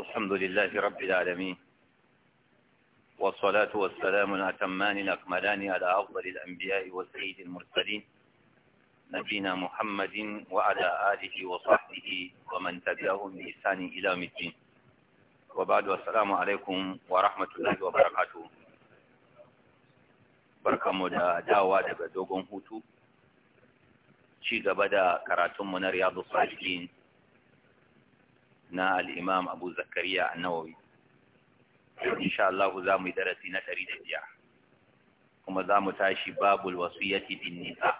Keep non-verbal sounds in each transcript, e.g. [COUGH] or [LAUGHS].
الحمد لله رب العالمين والصلاة والسلام الأتمان الأكملان على أفضل الأنبياء والسيد المرسلين نبينا محمد وعلى آله وصحبه ومن تبعهم بإحسان إلى الدين وبعد السلام عليكم ورحمة الله وبركاته barkanmu da dawa daga dogon hutu ci gaba da karatunmu na riyadu salihin na al'imam abu zakariya a nawawi insha Allah za mu yi darasi na ɗari da biyar kuma za mu tashi babul wasu wasiyyati bin nisa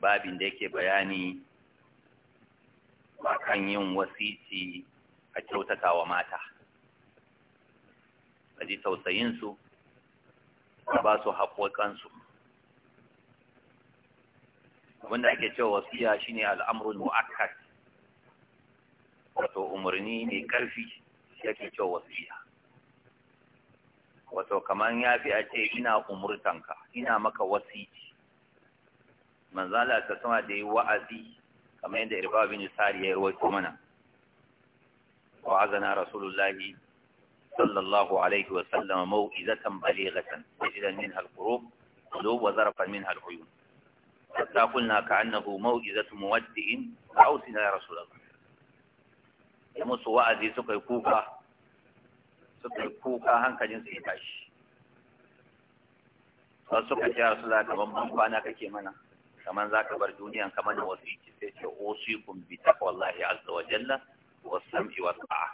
babin da yake bayani akan yin wasiti a kyautata wa mata a ji tausayinsu a ba su haƙoƙansu abinda ake cewa wasu shi shine al'amrul mu'akkad wato umarni mai karfi yake kyau wasiya wato kamar ya fi a ce ina umurtanka ina maka wasici manzala ta sama da yi wa'azi kamar yadda irba bin sari ya yi rawaito mana wa'azana rasulullahi sallallahu alaihi wa sallama mau'izatan balighatan tajidan minha al-qurub qulub wa zarfan minha al-uyun hatta qulna ka'annahu mau'izatu muwaddi'in fa'usina ya rasulullah ya musu wa'azi suka yi kuka suka yi kuka hankalin su ya tashi wasu suka ce rasu za ka ban kwana kake mana kamar za ka bar duniya kamar da wasu yake sai ce kumbi ta wallahi azza wa jalla was sam'i wa ta'a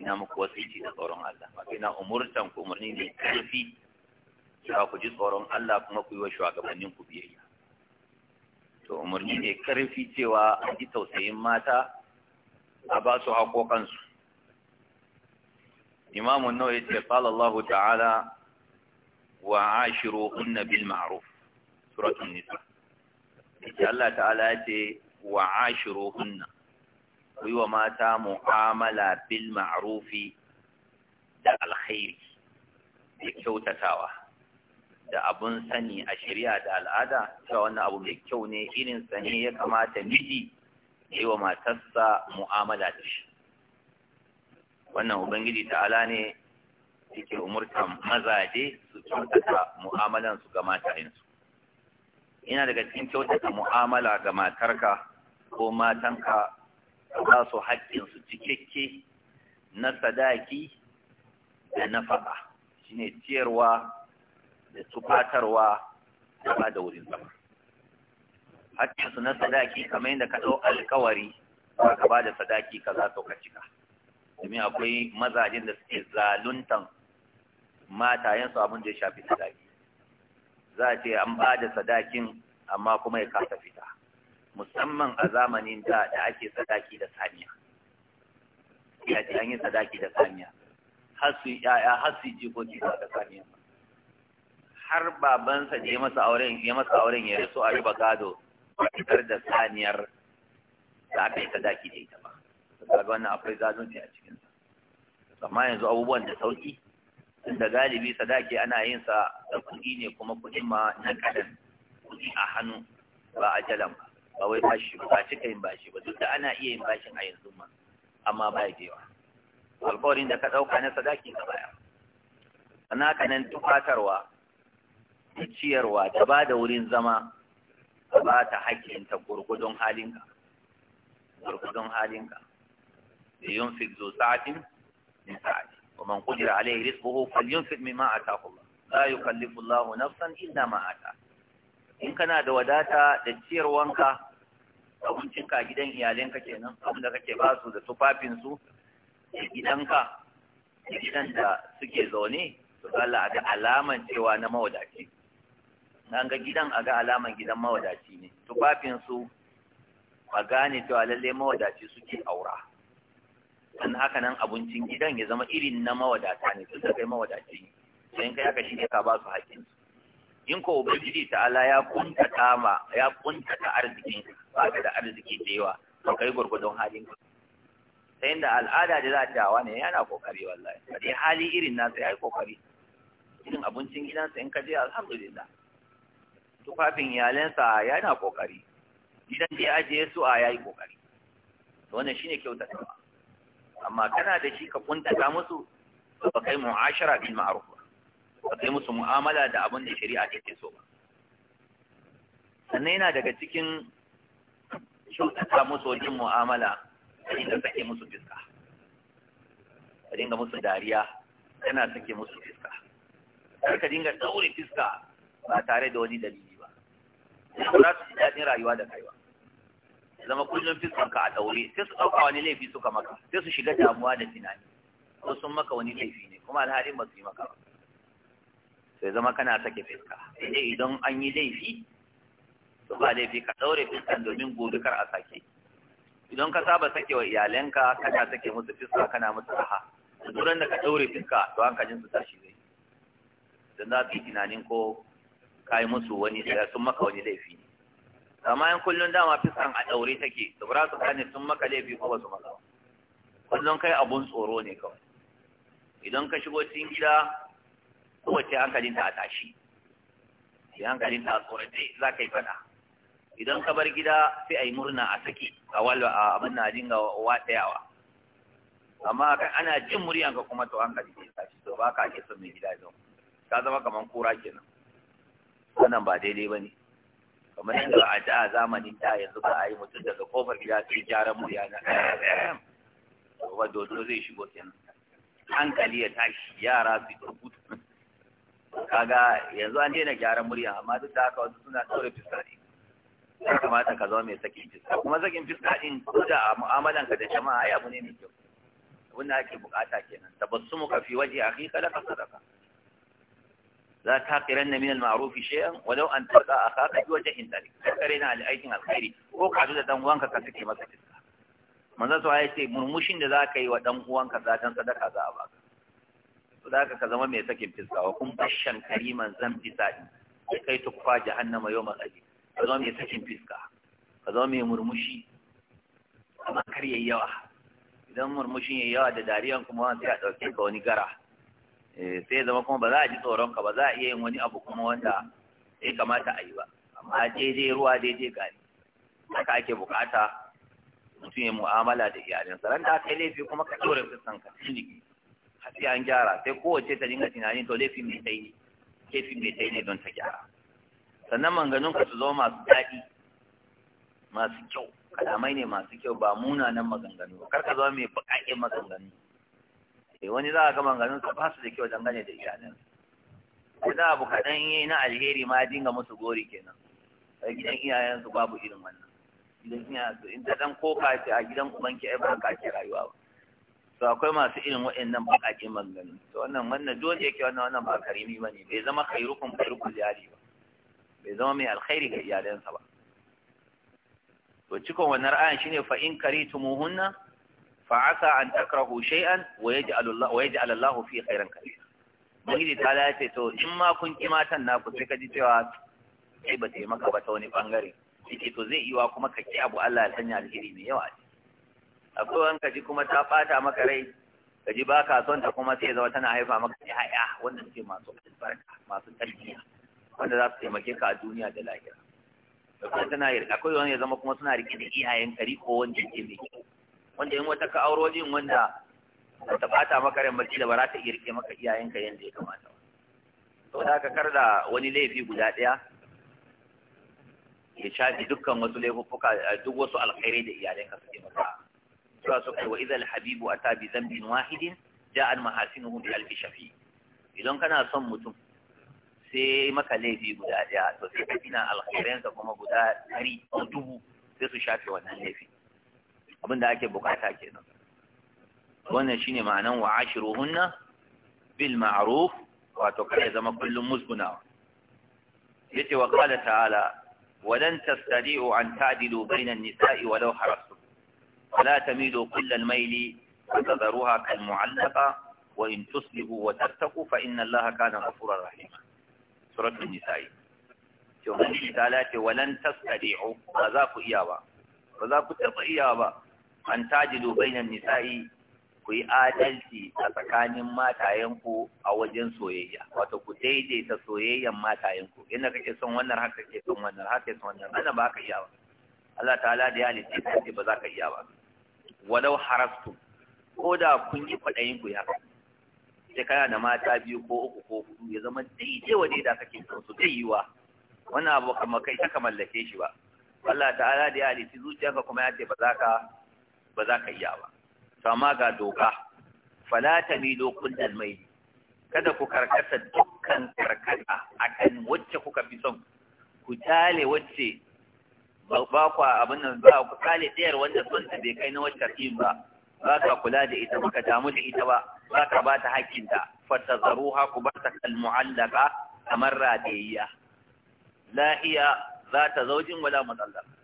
ina muku yake da tsoron Allah ba ina umurtan ku umurni ne karfi cewa ku ji tsoron Allah kuma ku yi wa shugabannin ku biyayya to umarni ne karfi cewa a ji tausayin mata a ba su haƙoƙansu imamun nawa ya ce ƙala Allah ta'ala wa ashiru hunna bil ma'ruf suratul nisa ita Allah ta'ala ya ce wa ashiru hunna ku yi wa mata mu'amala bil ma'rufi da alkhairi da kyautatawa da abun sani a shari'a da al'ada cewa wannan abu mai kyau ne irin sani ya kamata miji yi wa matarsa mu'amala da shi wannan ubangiji ta'ala ne yake umurtan mazaje su kyautata mu'amalan su ga matayensu ina daga cikin kyautata mu'amala ga matarka ko matanka za su haƙƙinsu cikakke na sadaki da na faɗa shine ciyarwa da tufatarwa da ba da wurin zama hakkin su na sadaki kamar yadda ka ɗau alkawari ka ba da sadaki ka za ka cika domin akwai mazajen da suke zaluntan matayensu abin da ya shafi sadaki za a ce an ba da sadakin amma kuma ya kasa fita musamman a zamanin da da ake sadaki da saniya ya ce an yi sadaki da saniya har su yaya har su jikoki da saniya har babansa da ya masa auren ya rasu a riba gado ba da saniyar da aka yi sadaki da ita ba kaga wannan akwai zalunci a cikin sa amma yanzu abubuwan da sauki da galibi sadaki ana yin sa da kuɗi ne kuma kuɗi ma na kaɗan kuɗi a hannu ba a jalan ba ba wai bashi ba cika yin bashi ba duk da ana iya yin bashin a yanzu ma amma ba da yawa alƙawarin da ka ɗauka na sadaki ka baya sannan haka nan tufatarwa ciyarwa da ba da wurin zama ka ba ta haƙƙinta gurgudun halinka gurgudun halinka da yin fit zo sa'atin min sa'ati wa man qudira alayhi rizquhu falyunfiq mimma ataahu Allah la yukallifu Allah nafsan illa ma ata in kana da wadata da ciyarwanka abincinka a gidan iyalinka kenan abinda kake ba su da tufafinsu da gidanka da gidan da suke zaune to Allah da alaman cewa na mawadaci na ga gidan a ga alaman gidan mawadaci ne tufafinsu a gane cewa lalle mawadaci suke aura sannan haka nan abincin gidan ya zama irin na mawadata ne tun da kai mawadaci ne sai in kai aka shi ne ka ba su haƙƙin in ko ubangiji ala ya kuntata ma ya kuntata arzikin ba da arziki da yawa to kai gurgudun halin ka sai inda al'ada da za ta dawa ne yana kokari wallahi a dai hali irin nasa ya yi kokari irin abincin gidansa in ka je alhamdulillah tufafin iyalansa yana kokari idan dai ajiye su a yayi kokari to wannan shine kyautatawa amma kana da shi ka kuntata musu ba kai mu'ashara bil ma'ruf ba kai musu mu'amala da abin da shari'a take so ba sannan yana daga cikin kyautata musu wajen mu'amala idan inda sake musu fiska ka dinga musu dariya kana sake musu fiska kar ka dinga daure fiska ba tare da wani dalili ba za su ji daɗin rayuwa da kaiwa zama kullum ka a ɗaure sai su ɗauka wani laifi suka maka sai su shiga damuwa da tunani ko sun maka wani laifi ne kuma alhalin ba su yi maka ba sai zama kana sake fiska sai idan an yi laifi to ba laifi ka ɗaure fiskan domin gobe kar a sake idan ka saba sake wa iyalanka kana sake musu fiska kana musu raha duk da ka ɗaure fiska to hankalin su tashi zai don za su yi tunanin ko kai musu wani sai sun maka wani laifi ne amma in kullun dama fiskan a daure take to ba su kane sun maka laifi ko ba su maka kullun kai abun tsoro ne kawai idan ka shigo cikin gida kowace hankalinta a tashi sai ta a dai za ka yi fada idan ka bar gida sai a yi murna a saki a walwa a abin na dinga watsayawa amma ana jin muryanka kuma to hankali ne, tashi to ba ka ake son mai gida zan ka zama kamar kura kenan wannan ba daidai ba ne kamar yadda a da zamani da yanzu ba a yi mutum daga kofar gida sai gyaran murya na ba dodo zai shigo kenan hankali ya tashi yara su rubutu kaga yanzu an daina gyaran murya amma duk da haka wasu suna tsore fiska ne ya kamata ka zama mai sakin fiska kuma sakin fiska din ko da a mu'amalan ka da jama'a ai abu ne mai kyau abin da ake bukata kenan tabassumu ka fi waje akhi kala ka sadaka la taqiranna min al-ma'ruf shay'an walau an tarqa akaka bi wajhin talik kare na al-aikin alkhairi ko ka da dan uwanka ka sake masa fiska manzo so ya ce murmushin da zaka yi wa dan uwanka za dan sadaka za a baka to zaka ka zama mai sakin fiska wa kun bashan kariman zan fi sadi kai tukfa jahannama yawmal ka zama mai sakin fiska ka zama mai murmushi kar yawa idan murmushin yayi yawa da dariyan kuma sai a ka wani gara Eh, sai zama kuma ba za a ji tsoron ka ba za a iya yin wani abu kuma wanda ya kamata a yi ba amma daidai ruwa daidai gari haka ake bukata mutum ya mu'amala da iyalin. ran da kai laifi kuma ka ɗore fuskan ka ciniki har sai an gyara sai kowace ta dinga tunanin to laifin mai tsayi laifin mai tsayi ne don ta gyara sannan manganun ka su zama masu daɗi masu kyau kalamai ne masu kyau ba munanan maganganu kar ka zama mai baƙaƙen maganganu Eh, wani za a ga manganin su ba su da kyau dangane da iyalin sai za a bu kaɗan yi na alheri ma dinga musu gori kenan a gidan iyayen su babu irin wannan gidan iyayen su in ta dan koka ce a gidan ubanki ai ba ka ke rayuwa ba to akwai masu irin waɗannan baƙaƙen maganganu to wannan wannan dole yake wannan wannan ba karimi bane bai zama khairukum khairukum jari ba bai zama mai alkhairi ga iyalansa ba to cikon wannan ra'ayin shine fa in karitumuhunna فعسى ان an شيئا ويجعل الله ويجعل الله فيه خيرا كثيرا fi khairan kathira ubangiji ta ya ce to in ma kun ki matan naku sai ka ji cewa sai ba ta maka ba ta wani bangare yake to zai yiwa kuma ka ki abu Allah ya sanya alheri mai yawa akwai wanka ji kuma ta fata maka rai ka ji ba ka son ta kuma sai zama tana haifa maka ya'ya wannan ce masu albarka masu tarbiyya wanda za su taimake ka a duniya da lahira akwai wani ya zama kuma suna rike da iyayen kari ko wanda ke mai kyau wanda yin wata ka'aurojin wanda ba ta bata maka ran barci da ba za ta iya rike maka iyayenka yadda ya kamata to da ka kar da wani laifi guda ɗaya ya shafi dukkan wasu laifuffuka duk wasu alkhairai da ka suke maka cewa su kai wa idza alhabibu ata bi dhanbin wahidin ja'al mahasinuhu bi alfi shafi idan kana son mutum sai maka laifi guda ɗaya to sai ka gina alkhairansa kuma guda ɗari ko dubu sai su shafe wannan laifin Abin da ake bukata kenan wannan shine ma'anan wa ashiruhunna bil ma'ruf wato kai zama kullun musbuna yace wa qala ta'ala wa lan tastadi'u an ta'dilu bainan nisa'i wa law harastum fala tamilu kullal mayli fatadharuha kal mu'allaqa wa in tuslihu wa tattaqu fa inna allaha kana ghafurar rahima suratul nisa'i to hadisi ta'ala ce wa lan ba za ku ku taba iya ba an tajidu bainan nisa'i ku yi adalci a tsakanin matayenku a wajen soyayya wato ku daidaita soyayyan matayenku inda kake son wannan haka kake son wannan haka kake son wannan ana ba ka iya ba Allah ta'ala da ya halitta ka ce ba za ka iya ba walau harastu ko da kun yi kwaɗayin ku ya sai kana da mata biyu ko uku ko hudu ya zama daidai wa da kake son su zai yi wa? wannan abu kamar kai ta mallake shi ba Allah ta'ala da ya halitta zuciyarka kuma ya ce ba za ka ba za ka iya ba Sama ga doka fala tamilu kullal mai kada ku karkata dukkan karkata akan wacce kuka fi son ku tale wacce ba ku abin nan ba ku tale ɗayar wanda son ta bai kai na wacce ɗin ba ba ka kula da ita ba ka damu da ita ba ba ka ba ta hakkinta fatazaruha ku ba ta kalmu'allaka kamar radiyya La'iya za ta zaujin wala mudallaka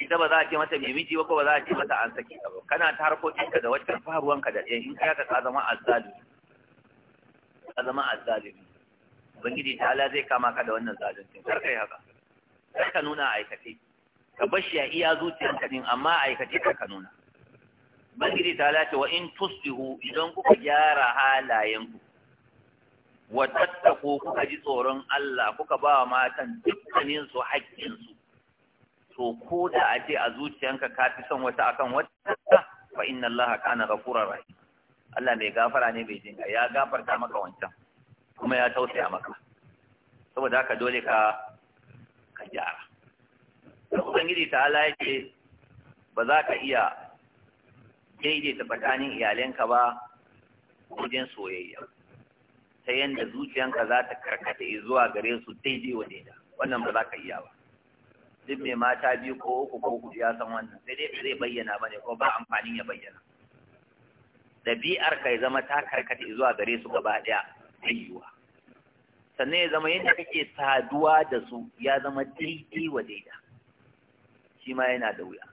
ita ba za a ce mata mai miji ba ko ba za a ce mata an saki ka ba kana ta ka da wacce ba ka da ɗayan in ka ka zama azzalimi ka zama azzalimi ubangiji ta ala zai kama ka da wannan zalunci kar kai haka kar ka nuna aikace ka bashi ya iya ka din amma aikace kar ka nuna ubangiji ta ala ce wa in tusbihu idan kuka gyara halayenku wa tattako kuka ji tsoron Allah kuka ba wa matan dukkanin su haƙƙin su to ko da a ce a zuciyanka ka fi son wata akan wata fa inna Allah kana ghafurur rahim Allah mai gafara ne bai jinka ya gafarta maka wancan kuma ya tausaya maka saboda haka dole ka ka gyara ubangiji ta Allah yake ba za ka iya daidaita tsakanin iyalanka ba wajen soyayya ta yanda zuciyanka za ta karkata zuwa gare su daidai wa wannan ba za ka iya ba duk mai mata biyu ko uku ko hudu ya san wannan sai dai zai bayyana bane ko ba amfanin ya bayyana ɗabi'ar ka ya zama ta karkata zuwa gare su gaba ɗaya ayyuwa sannan ya zama yadda kake saduwa da su ya zama daidai wa daida shi ma yana da wuya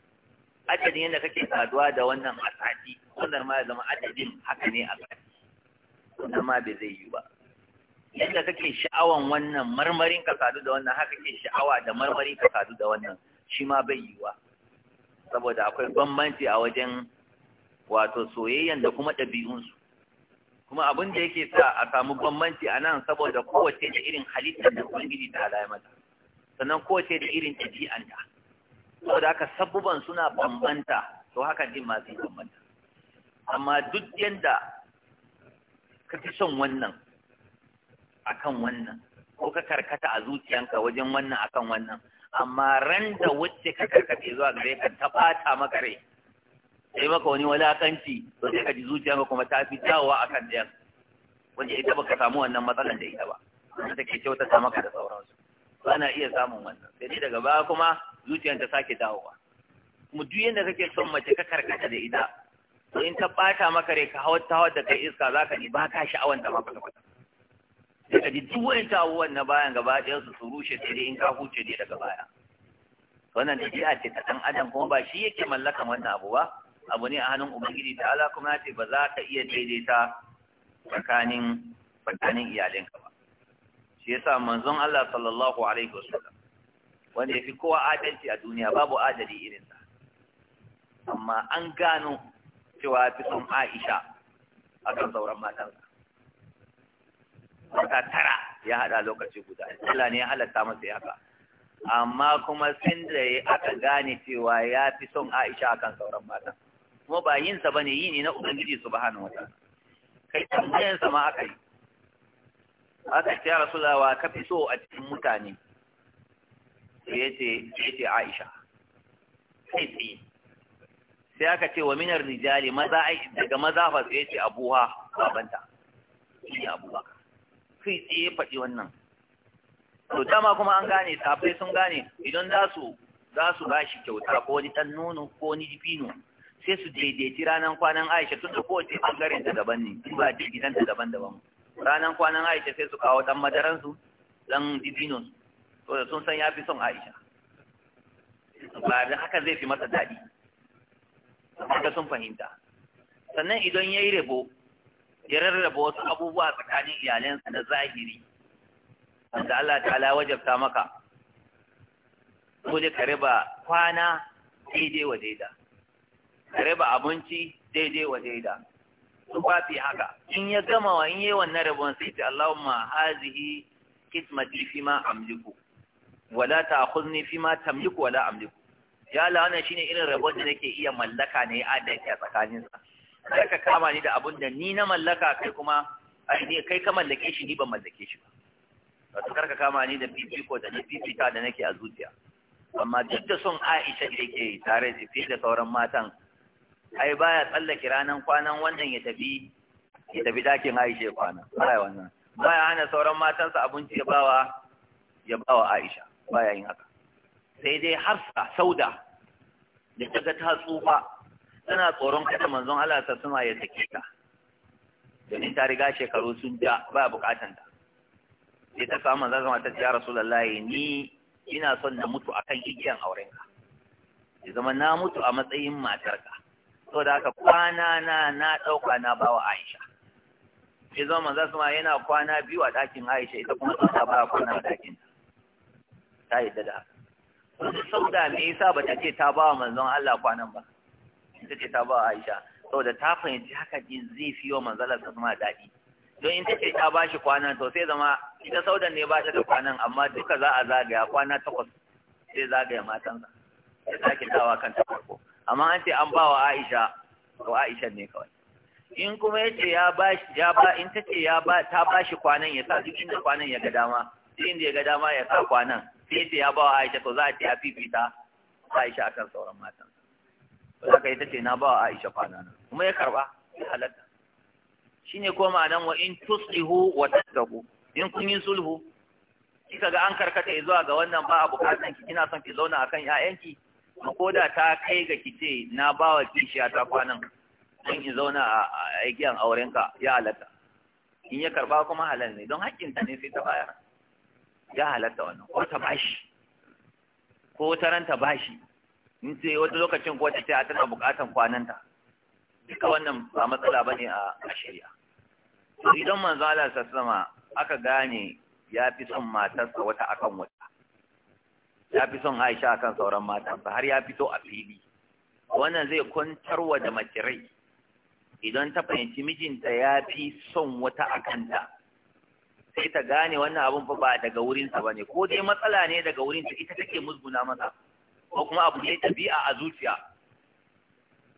adadin yadda kake saduwa da wannan a sati wannan ma ya zama adadin haka ne a sati wannan ma bai zai yi ba yadda kake sha'awan wannan marmarin ka sadu da wannan haka kake sha'awa da marmari ka sadu da wannan shi ma bai yi wa? saboda akwai bambanci a wajen wato soyayyan da kuma ɗabi'unsu kuma abin da yake sa a samu bambanci a nan saboda kowace da irin halittar da ubangiji ta halaye mata sannan kowace da irin ɗabi'anta saboda haka sabubban suna bambanta to haka din ma bambanta amma duk yanda ka fi son wannan akan wannan ko ka karkata a zuciyanka wajen wannan akan wannan amma ran da wacce ka karkace zuwa gare ka ta bata maka rai sai maka wani walakanci to sai ka ji zuciyanka kuma ta fi tawa akan ɗayan wanda ita baka samu wannan matsalan da ita ba wanda take ta maka da sauransu to ana iya samun wannan sai dai daga baya kuma zuciyanka ta sake dawowa kuma duk yanda kake son mace ka karkata da ita to in ta bata maka rai ka hawa ta hawa da kai iska zaka ji ba ka sha'awanta ma kwata-kwata sai ka ji duk wani na bayan gaba ɗayan su su rushe daidai in ka huce ne daga baya wannan tafiya ce ta ɗan adam kuma ba shi yake mallaka wannan abu ba abu ne a hannun ubangiji ta ala kuma ce ba za ka iya daidaita tsakanin tsakanin iyalinka ba shi yasa manzon Allah sallallahu alaihi wasallam wanda ya fi kowa adalci a duniya babu adali irin sa amma an gano cewa fi son Aisha akan sauran matansa wata tara ya haɗa lokaci guda Allah ne ya halatta masa haka amma kuma sun da aka gane cewa ya fi son Aisha akan sauran mata kuma ba yin sa bane yi ne na ubangiji subhanahu wata. kai tambayan sa ma aka yi aka ce rasulawa wa ka fi so a cikin mutane yace ce Aisha kai tsaye sai aka ce wa minar rijali maza daga maza fa sai yace abuwa babanta shi abubakar kai tsaye faɗi wannan to dama kuma an gane tafai sun gane idan za su za su shi kyauta ko wani ɗan nono ko wani jifino sai su daidaiti ranar kwanan aisha tun da kowace ɓangaren ta daban ne su ba gidan ta daban daban ranar kwanan aisha sai su kawo ɗan madaransu ɗan jifino to da sun san ya fi son aisha ba da haka zai fi masa daɗi haka sun fahimta sannan idan ya yi rabo ya rarraba wasu abubuwa tsakanin iyalansa na zahiri wanda Allah ta'ala wajabta maka kuli ka riba kwana daidai wa daida ka riba abinci daidai wa daida fafi haka in ya gama wa in yi wannan rabon sai ta Allahumma hazihi kismati fi ma amliku wala ta'khudni fi ma tamliku wala amliku ya Allah wannan shine irin rabon da nake iya mallaka ne adalci a tsakaninsa Karka ka kama ni da abun da ni na mallaka kai kuma ai kai ka mallake shi ni ban mallake shi ba wato kar ka kama ni da ko da ni ta da nake a zuciya amma duk da son Aisha da yake tare da fi da sauran matan ai baya tsallake ranan kwanan wannan ya tafi ya tafi dakin Aisha kwana ai wannan baya hana sauran matan matansa abinci ya bawa ya bawa Aisha baya yin haka sai dai Hafsa Sauda da ta ga ta tsufa tana tsoron kada manzon Allah ta sama ya sake ta domin ta riga shekaru sun ja ba bukatan ta sai ta samu manzon sama ta ce ya rasulullahi ni ina son na mutu akan igiyan aurenka ya zama na mutu a matsayin matar matarka saboda haka kwana na na dauka na bawa Aisha sai zama manzon sama yana kwana biyu a dakin Aisha ita kuma ta ba kwana a dakin ta yadda da haka sau da me yasa ta ce ta ba wa manzon Allah kwanan ba ita ce ta ba Aisha saboda ta fahimci haka din zai fi wa manzalar sa kuma daɗi don in ta ce ta ba shi kwanan to sai zama ita saudan ne ba ta da kwanan amma duka za a zagaya kwana takwas sai zagaya matansa ta sake dawa kan ta farko amma an ce an ba wa Aisha to Aisha ne kawai in kuma ya ce ya ba ya ba in ta ce ya ba ta ba shi kwanan ya sa duk inda kwanan ya ga dama duk inda ya ga dama ya sa kwanan sai ce ya ba wa Aisha to za a ce ya fifita Aisha akan sauran matansa ba ka yi ta ce na ba Aisha kwana nan kuma ya karba ya halatta shine ko ma'anan wa in tuslihu wa tattaqu in kun yi sulhu kika ga an karkata zuwa ga wannan ba a bukatan ki kina son ki zauna akan ƴaƴanki ko da ta kai ga ki ce na ba wa kishiya ta kwanan don ki zauna a aikin aurenka ya halatta in ya karba kuma halal ne don haƙƙinta ne sai ta bayar ya halatta wannan ko ta bashi ko ta ranta bashi in ce wata lokacin ko ta ce a tana bukatan kwananta duka wannan ba matsala bane a shari'a to idan manzo Allah aka gane ya fi son matarsa wata akan wata ya fi son Aisha akan sauran sa har ya fito a fili wannan zai kwantarwa da makirai idan ta fahimci mijinta ya fi son wata akan ta sai ta gane wannan abun fa ba daga wurinsa bane ko dai matsala ne daga wurinta ita take musguna masa ko kuma abu ne tabi'a a zuciya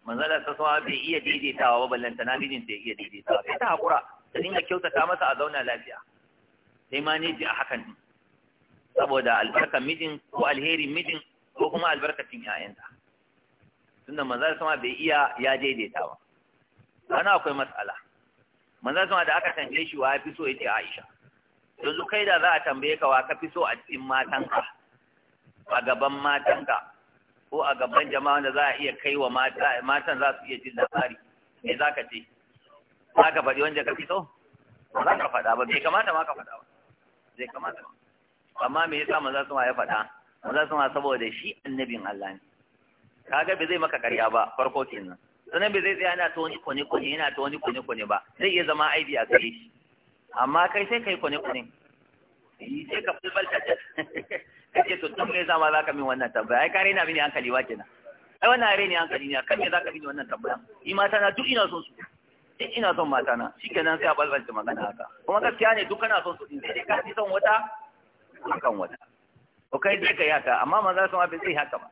manzala ta sama bai iya daidaitawa ba ballanta na mijin ta iya daidaitawa sai ta hakura ta dinga kyautata masa a zauna lafiya sai ma ne ji a hakan ne saboda albarkar mijin ko alherin mijin ko kuma albarkacin 'ya'yanta tunda manzala sama bai iya ya daidaita ba ana akwai matsala manzala sama da aka tambaye shi wa ya fi so ya ce Aisha yanzu kai da za a tambaye ka wa ka fi so a cikin matanka a gaban matanka ko a gaban jama'a da za a iya kai wa matan za su iya jin labari me za ka ce za ka faɗi wanda ka fi so ba za ka faɗa ba bai kamata ma ka faɗa ba bai kamata ba amma me yasa maza su ma ya faɗa maza su ma saboda shi annabin Allah ne kaga bai zai maka ƙarya ba farko kenan sannan bai zai tsaya yana ta wani kone kone yana ta wani kone kone ba zai iya zama aibi a gare shi amma kai sai kai kone kone sai ka fulbalta [LAUGHS] kace to tun ne zama zaka min wannan tambaya ai kare na mini hankali wa kenan ai wannan rene hankali ne kan me zaka mini wannan tambaya ni mata na duk ina son su duk ina son mata na shikenan sai a balbalta magana haka kuma gaskiya ne duk kana son su din sai ka ji son wata akan wata to kai dai ka yaka amma maza sun abin sai haka ba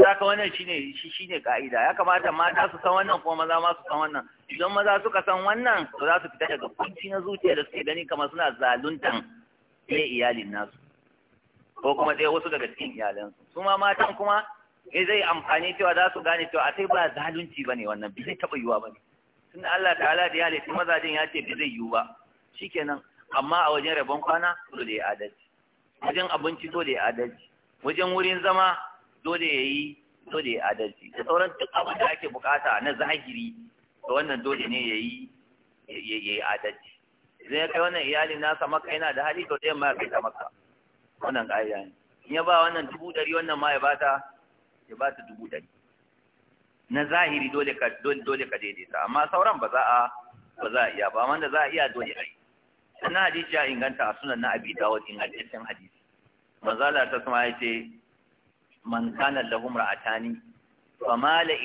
da ka wannan shine shi shine ka'ida ya kamata mata su san wannan kuma maza ma su san wannan idan maza suka san wannan to za su fita daga kunci na zuciya da suke gani kamar suna zaluntan ne iyalin nasu ko kuma dai wasu daga cikin iyalansu su ma matan kuma eh zai amfani cewa za su gane cewa sai ba zalunci ba ne wannan bai taɓa yiwuwa Tun da Allah halar da ya maza jin ya ce bai zai yiwu ba Shi kenan amma a wajen rabon kwana dole ya adalci wajen abinci dole ya adalci wajen wurin zama dole ya yi dole ya adalci da sauran duk abin da ake bukata na zahiri da wannan dole ne ya yi ya yi adalci idan ya kai wannan iyalin nasa maka yana da hali to ɗayan ma ya kai ta maka wannan ƙa'ida ne in ya ba wannan dubu ɗari wannan ma ya ba ta ya ba ta dubu ɗari na zahiri dole ka dole dole ka daidaita amma sauran ba za a ba za a iya ba wanda za a iya dole ai sannan hadisi ya inganta a sunan na abi dawud ingantaccen hadisi manzala ta sama ya ce man kana lahum ra'atani فمال ya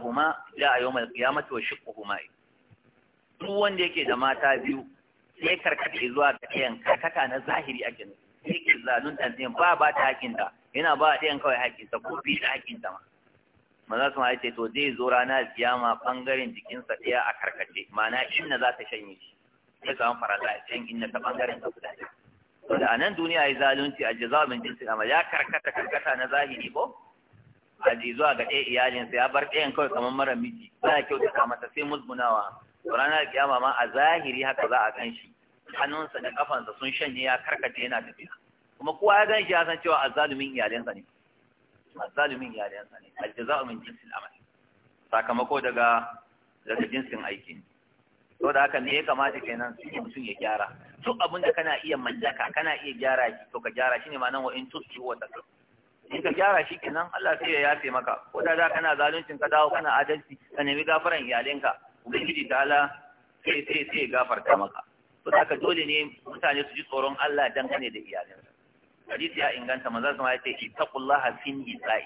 mace wa يوم القيامة وشقهما duk wanda yake da mata biyu sai karkata zuwa ga ɗayan karkata na zahiri ake nufi. yake zalunta ɗin ba ba ta hakinta yana ba a ɗayan kawai hakinta ko fi da hakinta ma maza su ma ce to zai zo rana kiyama ɓangaren jikinsa ɗaya a karkace ma'ana inna za ta shanye shi ya samu faranta a can inna ta ɓangaren ta guda ɗaya da a nan duniya ya zalunci a jaza min jinsi amma ya karkata karkata na zahiri ko a ji zuwa ga ɗaya iyalinsa ya bar ɗayan kawai kamar mara miji ba ya kyautata mata sai musgunawa ranar kiyama ma a zahiri haka za a gan shi hannunsa da kafansa sun shanye ya karkata yana tafiya kuma kowa ya ganshi ya san cewa azalumin iyalensa ne azalumin iyalensa ne aljaza'u min jinsil amal sakamako daga daga jinsin aiki to da haka me ya kamata kenan mutum ya gyara su abin da kana iya mallaka kana iya gyara shi to ka gyara shi ne ma nan wa in tusu wa ta in ka gyara shi kenan Allah sai ya yafe maka ko da za kana zaluncin ka dawo kana adalci ka nemi gafaran iyalinka ubangiji ta Allah sai sai sai gafarta maka to haka dole ne mutane su ji tsoron Allah dangane da iyalin hadisi ya inganta manzo sama ya ce taqullaha fin nisa'i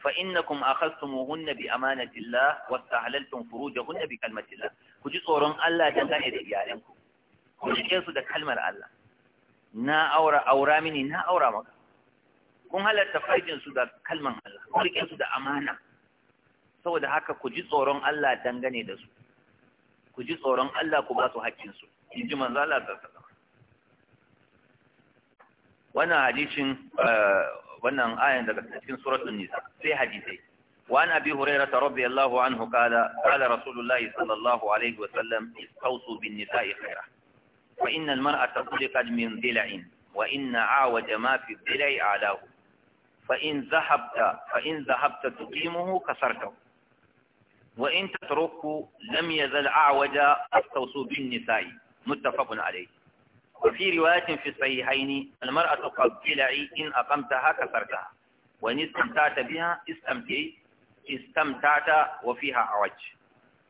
fa innakum akhadhtumuhunna bi amanatillah wastahlaltum furujahunna bi kalmatillah ku ji tsoron Allah dangane da iyalanku ku ji su da kalmar Allah na aura aura mini na aura maka kun halarta faidin su da kalman Allah ku rike su da amana saboda haka ku ji tsoron Allah dangane da su ku ji tsoron Allah ku ba su haƙƙin su inji manzo Allah sallallahu wannan eh, wannan ayan daga cikin suratul nisa sai hadisi wa an abi hurairah radiyallahu anhu kala qala rasulullahi sallallahu alaihi wa sallam istawsu bin nisa'i khaira fa inna al-mar'ata khuliqat min dhila'in wa inna awaja ma fi dhila'i alahu fa in dhahabta fa in dhahabta tuqimuhu kasartahu wa in tatruku lam yazal a'waja astawsu bin nisa'i متفق عليه وفي رواية في الصحيحين المرأة قبلعي إن أقمتها كسرتها وإن استمتعت بها استمتعي استمتعت وفيها عوج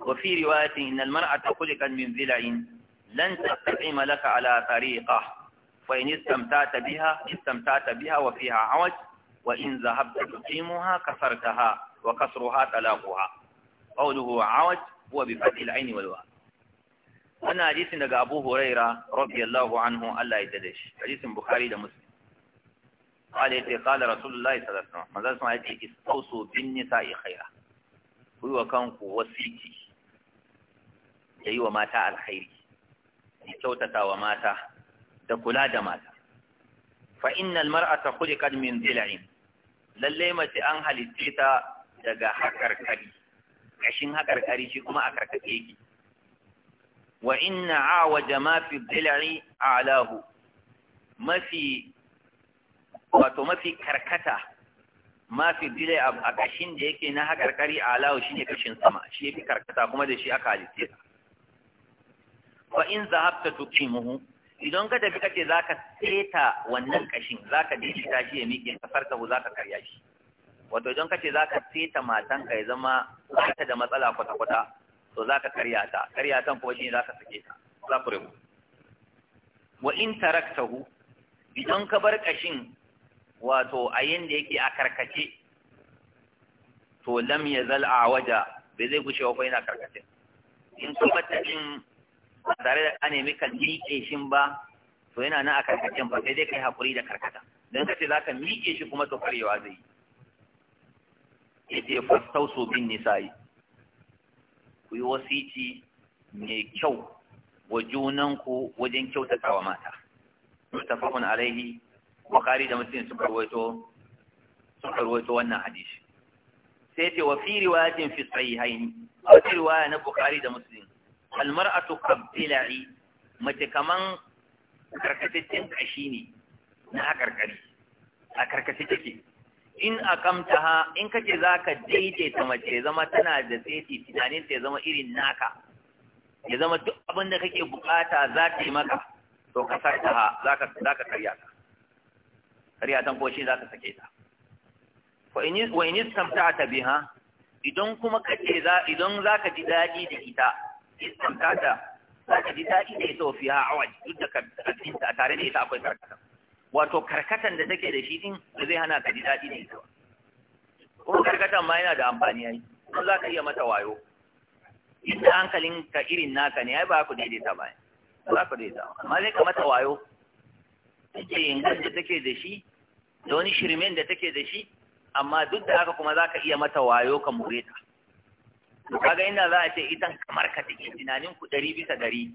وفي رواية إن المرأة خلقت من ذلع لن تستقيم لك على طريقة فإن استمتعت بها استمتعت بها وفيها عوج وإن ذهبت تقيمها كسرتها وكسرها تلاقها قوله عوج هو بفتح العين والواو wannan hadisin daga Abu Huraira radiyallahu anhu Allah ya tada shi hadisin Bukhari da Muslim قال يتي قال رسول الله صلى الله عليه وسلم ماذا سمع يتي استوصوا بالنساء خيرا كوي وكانكو وسيتي يي وماتا الخير كيوتتا وماتا da kula da mata fa innal mar'ata khuliqat min dil'in lalle mace an halitta ta daga hakarkari kashin hakarkari shi kuma a karkace wa inna awaja mafi fi a a'lahu mafi wato mafi karkata mafi fi a kashin da yake na hakarkari a'lahu shine kashin sama shi ya fi karkata kuma da shi aka halitta ka fa in tuki muhu idan ka tafi kace ka seta wannan kashin ka daidaita shi ya miƙe ka farka za ka karya shi wato idan ka ce za ka seta matanka ya zama ba ta da matsala kwata-kwata to za ka karya ta karya ta kuma shi za ka sake ta za ku rabu wa in taraktahu idan ka bar kashin wato a yanda yake a karkace to lam yazal a waja bai zai gushe wa yana karkace in ka bar kashin tare da ane mika ka miƙe shin ba to yana nan a karkacen ba sai dai kai haƙuri da karkata don ka ce za ka miƙe shi kuma to karyewa zai yi ya ce fastausu bin nisa'i ku yi wasici mai kyau wa junanku wajen kyautata wa mata mutafakun alaihi bukari da muslim sun rawaito wannan hadisi sai ce wa fi riwayatin fi sahihaini a wata riwaya na bukari da muslim tukar filari mace kaman karkataccen kashi ne na karkari a karkace take in ha in za ka daidaita mace zama tana da tsaiti tunanin ta zama irin naka ya zama duk abin da kake bukata za ta yi maka to ka sarta ha za ka karya ta karya tan ko shi ka sake ta wa in wa in bi ha, idan kuma kace za idan ka ji dadi da ita za ka ji dadi da ita fi ha awaj duk da ka a tare da ita akwai sarkata wato karkatan da take da shi din da zai hana ka ji daɗi da ita ko karkatan ma yana da amfani ai ko za ka iya mata wayo inda hankalin ka irin naka ne ai ba ku ta ba ba za ku ta. amma zai ka mata wayo take yin da take da shi da wani shirmen da take da shi amma duk da haka kuma za ka iya mata wayo ka mure ta kaga inda za a ce idan kamar ka take tunanin ku ɗari bisa ɗari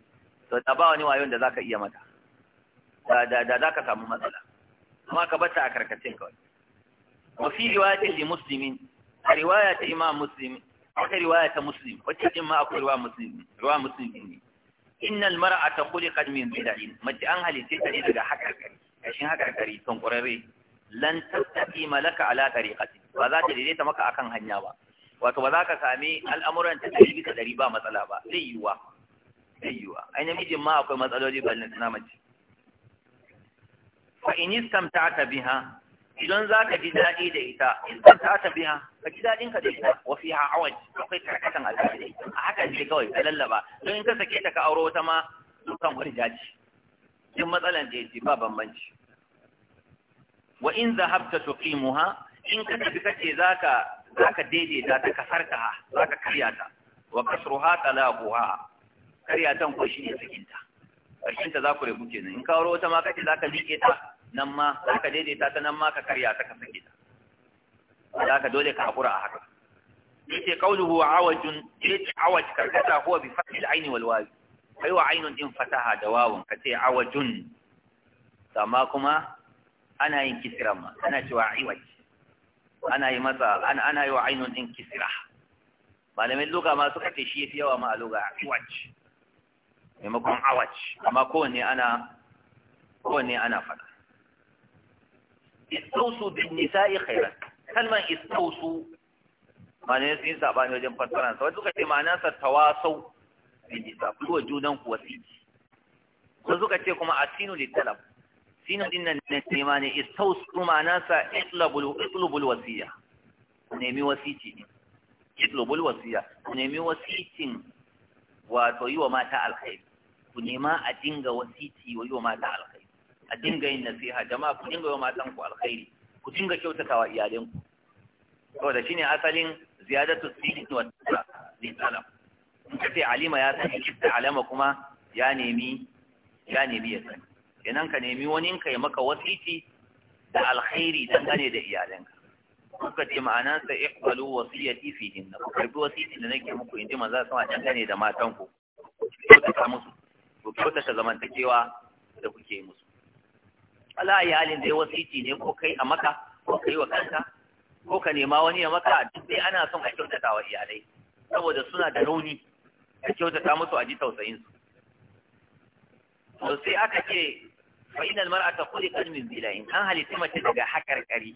to ta ba wani wayon da za ka iya mata da da za ka samu matsala amma ka bata a karkace kawai wa riwaya ta li muslimin a riwaya ta imam muslim wata riwaya ta muslim wacce din ma akwai riwaya muslim riwaya muslim ne innal mar'ata khuliqat min bid'in mace an halice ta ne daga hakarkari kashin hakarkari ton kurare lan tattaqi malaka ala tariqati ba za ta daidaita maka akan hanya ba wato ba za ka sami al'amuran ta ɗari bisa ɗari ba matsala ba zai yiwuwa zai yiwuwa ai namijin ma akwai matsaloli ba na mace fa in ta biha idan za ka ji daɗi da ita ta biha ka ji daɗin ka da ita wa fiha awaj akwai karkatan alƙashi da ita a haka ne kawai ka lallaba don in ka sake ta ka auro wata ma dukan wani daji in matsalan da yake ba bambanci wa in zahabta ha, in ka tafi kace za ka daidaita ta za ka karya ta wa kasruha talaquha karya ta ko shi ne sakinta Ƙarshen ta za ku rabu kenan in ka wata ma kace ka miƙe ta nan ma za ka daidaita ta nan ma ka karya ta ka sake ta za ka dole ka haƙura a haka ce yace qawluhu awajun yace awaj karkata huwa bi fathi da ainihin wal Kai wa aynun din fasaha da Ka ce awajun amma kuma ana yin kisiran ma ana cewa aiwaj ana yi masa ana ana yi wa ainihin din kisira. malamin luga ma suka ce shi fi yawa ma a luga aiwaj maimakon awaj amma kowanne ana kowanne ana fada istausu bin nisa'i khairan kalman istausu ma'ana sun yi sabani wajen fassaran sai suka ce ma'ana sa tawasau bin nisa kuwa junan ku wasi wasu suka ce kuma asinu litalab sinu din nan ne nema ne istausu ma'ana sa itlabul itlubul wasiya nemi wasici ne itlubul wasiya nemi wasicin wato yi wa mata alkhairi ku nema a dinga wasici wa yi wa mata alkhairi a dinga yin nasiha jama'a ku dinga yi matan ku alkhairi ku dinga wa iyalan ku saboda shine asalin ziyadatu sidin wa tsara li talab in ka ce alima ya sani kitta alama kuma ya nemi ya nemi ya sani kenan ka nemi wani ka yi maka wasiti da alkhairi dangane da iyalanka kuka ce ma'anansa iqbalu wasiyati fihim na karbi wasiti da nake muku ji maza sama dangane da matanku ku kyautata musu ku kyautata zamantakewa da kuke musu ala ayi halin dai wasiti ne ko kai a maka ko kai wa kanka ko ka nema wani ya maka duk dai ana son a kyautata wa iyalai saboda suna da rauni a kyautata musu a ji tausayin su to sai aka ce fa inal mar'ata khuliqat min bilain an halitta mace daga hakarkari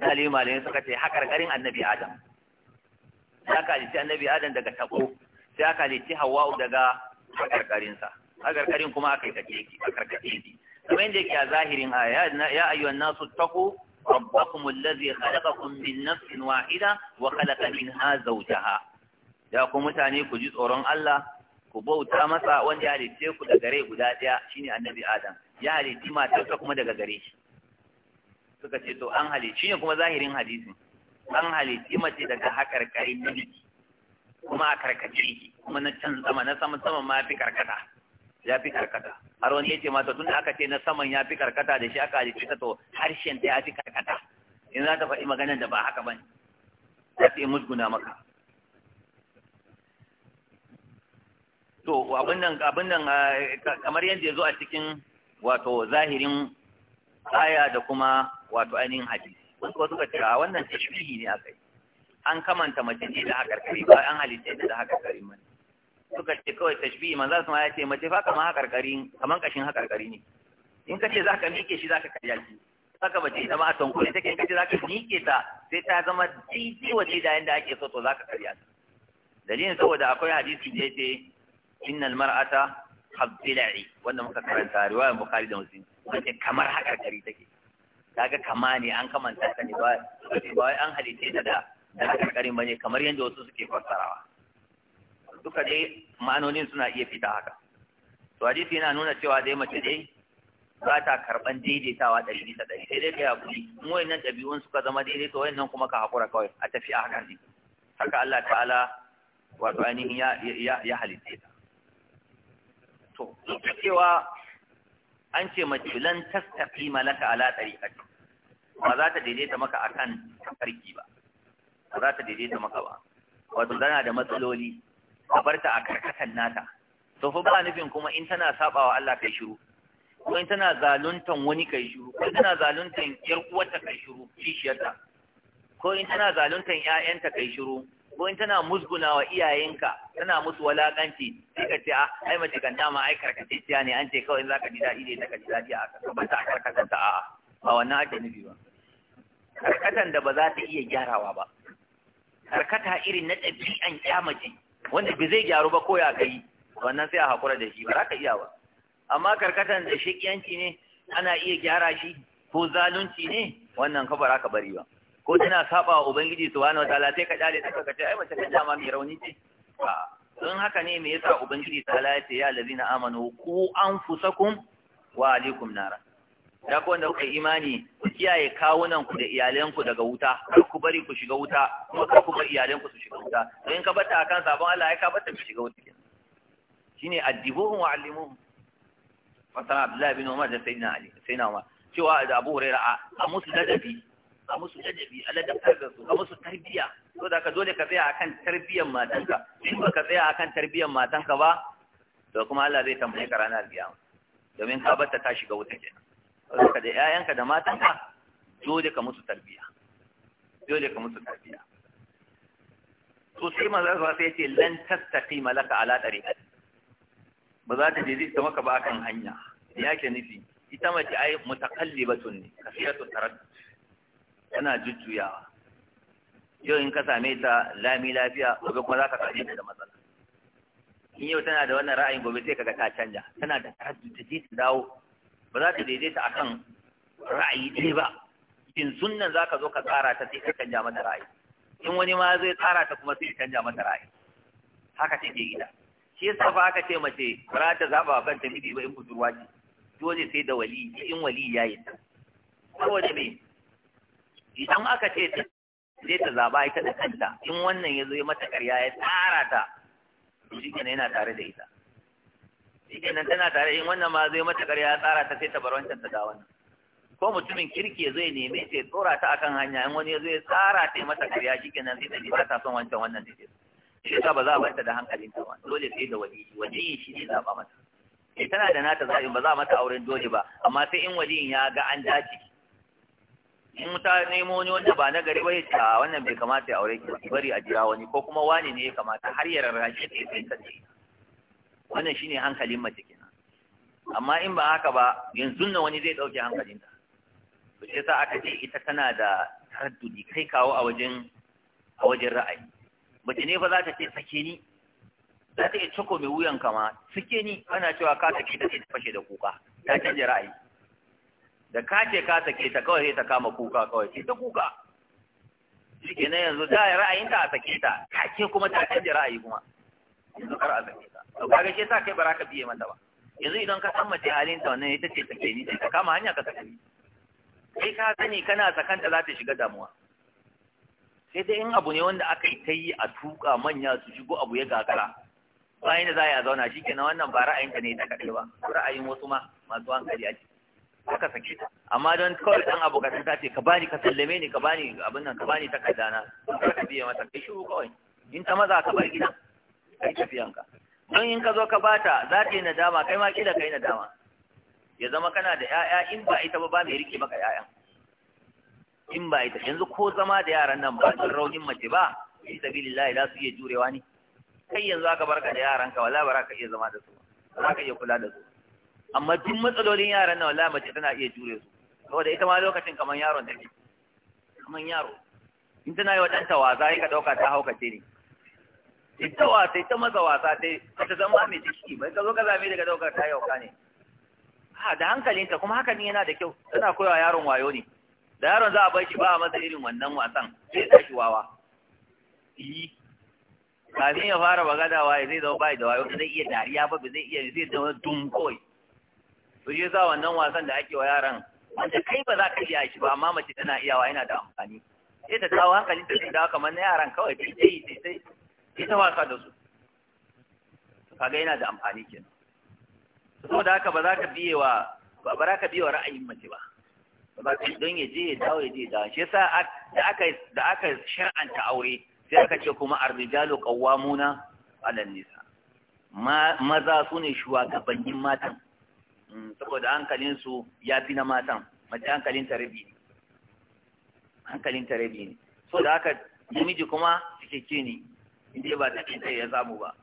dalilin malamin suka ce hakarkarin annabi adam sai aka halitta annabi adam daga tabo sai aka halitta hawa'u daga hakarkarinsa hakarkarin kuma aka yi kake a karkace kamar yadda yake a zahirin aya ya ayyuhan nasu taku rabbakum allazi khalaqakum min nafsin wahida wa khalaqa minha zawjaha ya ku mutane ku ji tsoron Allah ku bauta masa wanda ya halitte ku daga rai guda daya shine annabi adam ya halitti ta kuma daga gare shi suka ce to an halitti shine kuma zahirin hadisin an halitti mace daga haƙarƙarin namiji kuma a karkace kuma na can sama na sama sama ma fi karkata ya fi karkata har wani yace mata tunda aka ce na saman ya fi karkata da shi aka halitta ta to harshen ta ya fi karkata in za ta faɗi maganar da ba haka ba ne za ta yi musguna maka to abin nan abin nan kamar yadda ya zo a cikin wato zahirin aya da kuma wato ainihin hadisi wasu wasu ka cewa wannan tashbihi ne aka yi an kamanta mace ne da haƙarƙari ba an halitta da haƙarƙari mana suka ce kawai tashbihi manzo sama ya ce mace fa kamar hakarkari kamar kashin hakarkari ne in kace zaka mike shi zaka karya shi saka mace ita ma a tankuri take in kace zaka mike ta sai ta zama titi waje da yanda ake so to zaka karya ta dalilin saboda akwai hadisi da yake innal mar'ata habbila'i wanda muka karanta riwayar bukhari da muslim wace kamar hakarkari take kaga kama ne an kamanta ta ne ba ba an halitta da da hakarkarin bane kamar yanda wasu suke fassarawa duka dai ma'anonin suna iya fita haka to hadisi yana nuna cewa dai mace dai Za ta karɓan daidaitawa ɗari bisa ɗari sai dai ka yaƙuri mu wayannan ɗabi'un suka zama daidai to wayannan kuma ka haƙura kawai a tafi a hakan ne haka Allah ta'ala wato ainihin ya ya ya halitta ta to cewa an ce mace lan tastafi malaka ala ɗari tariqati ba za ta daidaita maka akan farki ba ba za ta daidaita maka ba wato tana da matsaloli a ta a karkatan nata to fa ba nufin kuma in tana sabawa Allah kai shiru ko in tana zaluntan wani kai shiru ko tana zaluntan yar uwarta kai shiru kishiyarta ko in tana zaluntan ƴaƴanta kai shiru ko in tana musgunawa iyayenka tana musu walakanci sai ka ce a ah, ai mace kan dama ai karkace ciya ne an ce kawai zaka ji dadi ne zaka ji dadi a ka bar ta a karkatanta a ba wannan ake nufi ba karkatan da ba za ta iya gyarawa ba karkata irin na ɗabi'an ƙyamace wanda bai zai gyaru ba ko ya kai wannan sai a hakura da shi ba za ka iya ba amma karkatan da shakiyanci ne ana iya gyara shi ko zalunci ne wannan ka ba bari ba ko tana saba wa ubangiji subhanahu wataala sai ka dale ta ka ce ai mace kan dama mai rauni ce don haka ne me yasa ubangiji ta ya ce ya allazina amanu ku anfusakum wa alaikum nara da ku wanda kuka imani ku kiyaye kawunanku da iyalanku daga wuta kar ku bari ku shiga wuta kuma kar ku bar iyalanku su shiga wuta don in ka bata akan sabon Allah ya ka bata ku shiga wuta shine addibuhum wa allimuhum fasara Abdullahi bin Umar da Sayyidina Ali Sayyidina Umar cewa da Abu Huraira a musu ladabi a musu ladabi a ladabtar da su a musu tarbiya to da ka dole ka tsaya akan tarbiyan matanka in ba ka tsaya akan tarbiyan matanka ba to kuma Allah zai tambaye ka ranar kiyama domin ka bata ta shiga wuta kenan ka da ƴaƴanka da matanka dole ka musu tarbiya dole ka musu tarbiya to sai manzo Allah sai ce lan tattaki malaka ala tariqat ba za ta je ta maka ba kan hanya ya ke nufi ita mace ai batun ne kasiratu taraddud tana jujjuyawa yau in ka same ta lami lafiya gobe kuma za ka same ta da matsala in yau tana da wannan ra'ayin gobe sai ga ta canja tana da taraddud ta je ta dawo ba za ta daidaita a kan ra'ayi ɗaya ba Shin sunnan za ka zo ka tsara ta sai ka canja mata ra'ayi in wani ma zai tsara ta kuma sai ka canja mata ra'ayi haka ce ke gida shi yasa fa aka ce mace ba ta zaba kan ta miji ba in budurwa ce dole sai da wali in wali ya yi ta saboda me idan aka ce ta zai ta zaba ita da kanta in wannan ya zo ya mata karya ya tsara ta to shi kenan yana tare da ita shikenan tana tare in wannan ma zai mata ƙarya ya tsara ta sai ta bar wancan ta da wannan ko mutumin kirki zai neme ta ya tsora ta akan hanya in wani ya zo ya tsara ta mata ƙarya shikenan sai ta ji ba ta son wancan wannan take shi yasa ba za a banta da hankalin ta ba dole sai da waliyi waliyin shi ne zaba mata eh tana da nata zaɓin ba za a mata auren dole ba amma sai in waliyin ya ga an dace in ta nemo wani wanda ba na gari bai ta ah, wannan bai kamata ya aure ki bari a jira wani ko kuma wani ne ya kamata har ya rarrashe ta ya kai wannan shine hankalin mace kenan amma in ba haka ba yanzu nan wani zai dauke hankalinta to sai sa aka ce ita tana da taraddudi kai kawo a wajen a wajen ra'ayi mace ne fa za ta ce sake ni za ta iya cako mai wuyan kama sake ni ana cewa ka sake ta ta fashe da kuka ta canja ra'ayi da ka ce ka sake ta kawai sai ta kama kuka kawai sai ta kuka nan yanzu ta ra'ayinta a sake ta ce kuma ta canja ra'ayi kuma yanzu kar a sake ba kaga shi kai baraka biye mata ba yanzu idan ka san mace halin ta wannan ita ce take ni ta kama hanya ka tafi kai ka sani kana sakanta za ta shiga damuwa sai dai in abu ne wanda aka yi ta yi a tuka manya su shigo abu ya gagara bayan da za a zauna shi kenan wannan ba ra'ayinta ne ta kaɗai ba ra'ayin wasu ma masu hankali a ciki aka sake ta amma don kawai dan abu kasan ta ce ka bani ka sallame ni ka bani abin nan ka bani takarda na ka biya mata kai shiru kawai in ta maza ka bar gidan kai tafiyanka don in ka zo ka bata za ta yi nadama kai ma kila yi nadama ya zama kana da 'ya'ya in ba ita ba ba mai rike maka 'ya'ya in ba ita yanzu ko zama da yaran nan ba sun raunin mace ba fi sabilillahi za su iya jurewa ne kai yanzu aka barka da yaran ka wala ba ka iya zama da su ba ka iya kula da su amma duk matsalolin yaran nan wala mace tana iya jure su saboda ita ma lokacin kamar yaron take kamar yaro in tana yi wa ɗanta waza ya ka ɗauka ta haukace ne ita wasa ita masa wasa ta ta zama mai ciki bai ka zo ka zame daga daukar ta yauka ne ha da hankalinta kuma hakan yana da kyau tana koyawa yaron wayo ne da yaron za a bai shi ba a masa irin wannan wasan sai ta shi wawa yi kafin ya fara magana waye zai zama bai da wayo zai iya dariya ba zai iya zai zama dum kawai su shi sa wannan wasan da ake wa yaran wanda kai ba za ka iya shi ba amma mace tana iyawa yana da amfani sai ta kawo hankalin ta da kamar na yaran kawai sai sai sai ita wasa da su kaga yana da amfani kenan saboda haka ba za ka biye wa ba za ka biye wa ra'ayin mace ba ba don ya je ya dawo ya je da shi yasa da aka da aka shar'anta aure sai aka ce kuma ar-rijalu qawwamuna 'ala nisa maza su ne shugabannin matan mm, saboda hankalin su ya fi na matan mace hankalin ta rabi ne hankalin ta rabi ne so da haka namiji kuma cikakke ne inda ba ta kinta ya samu ba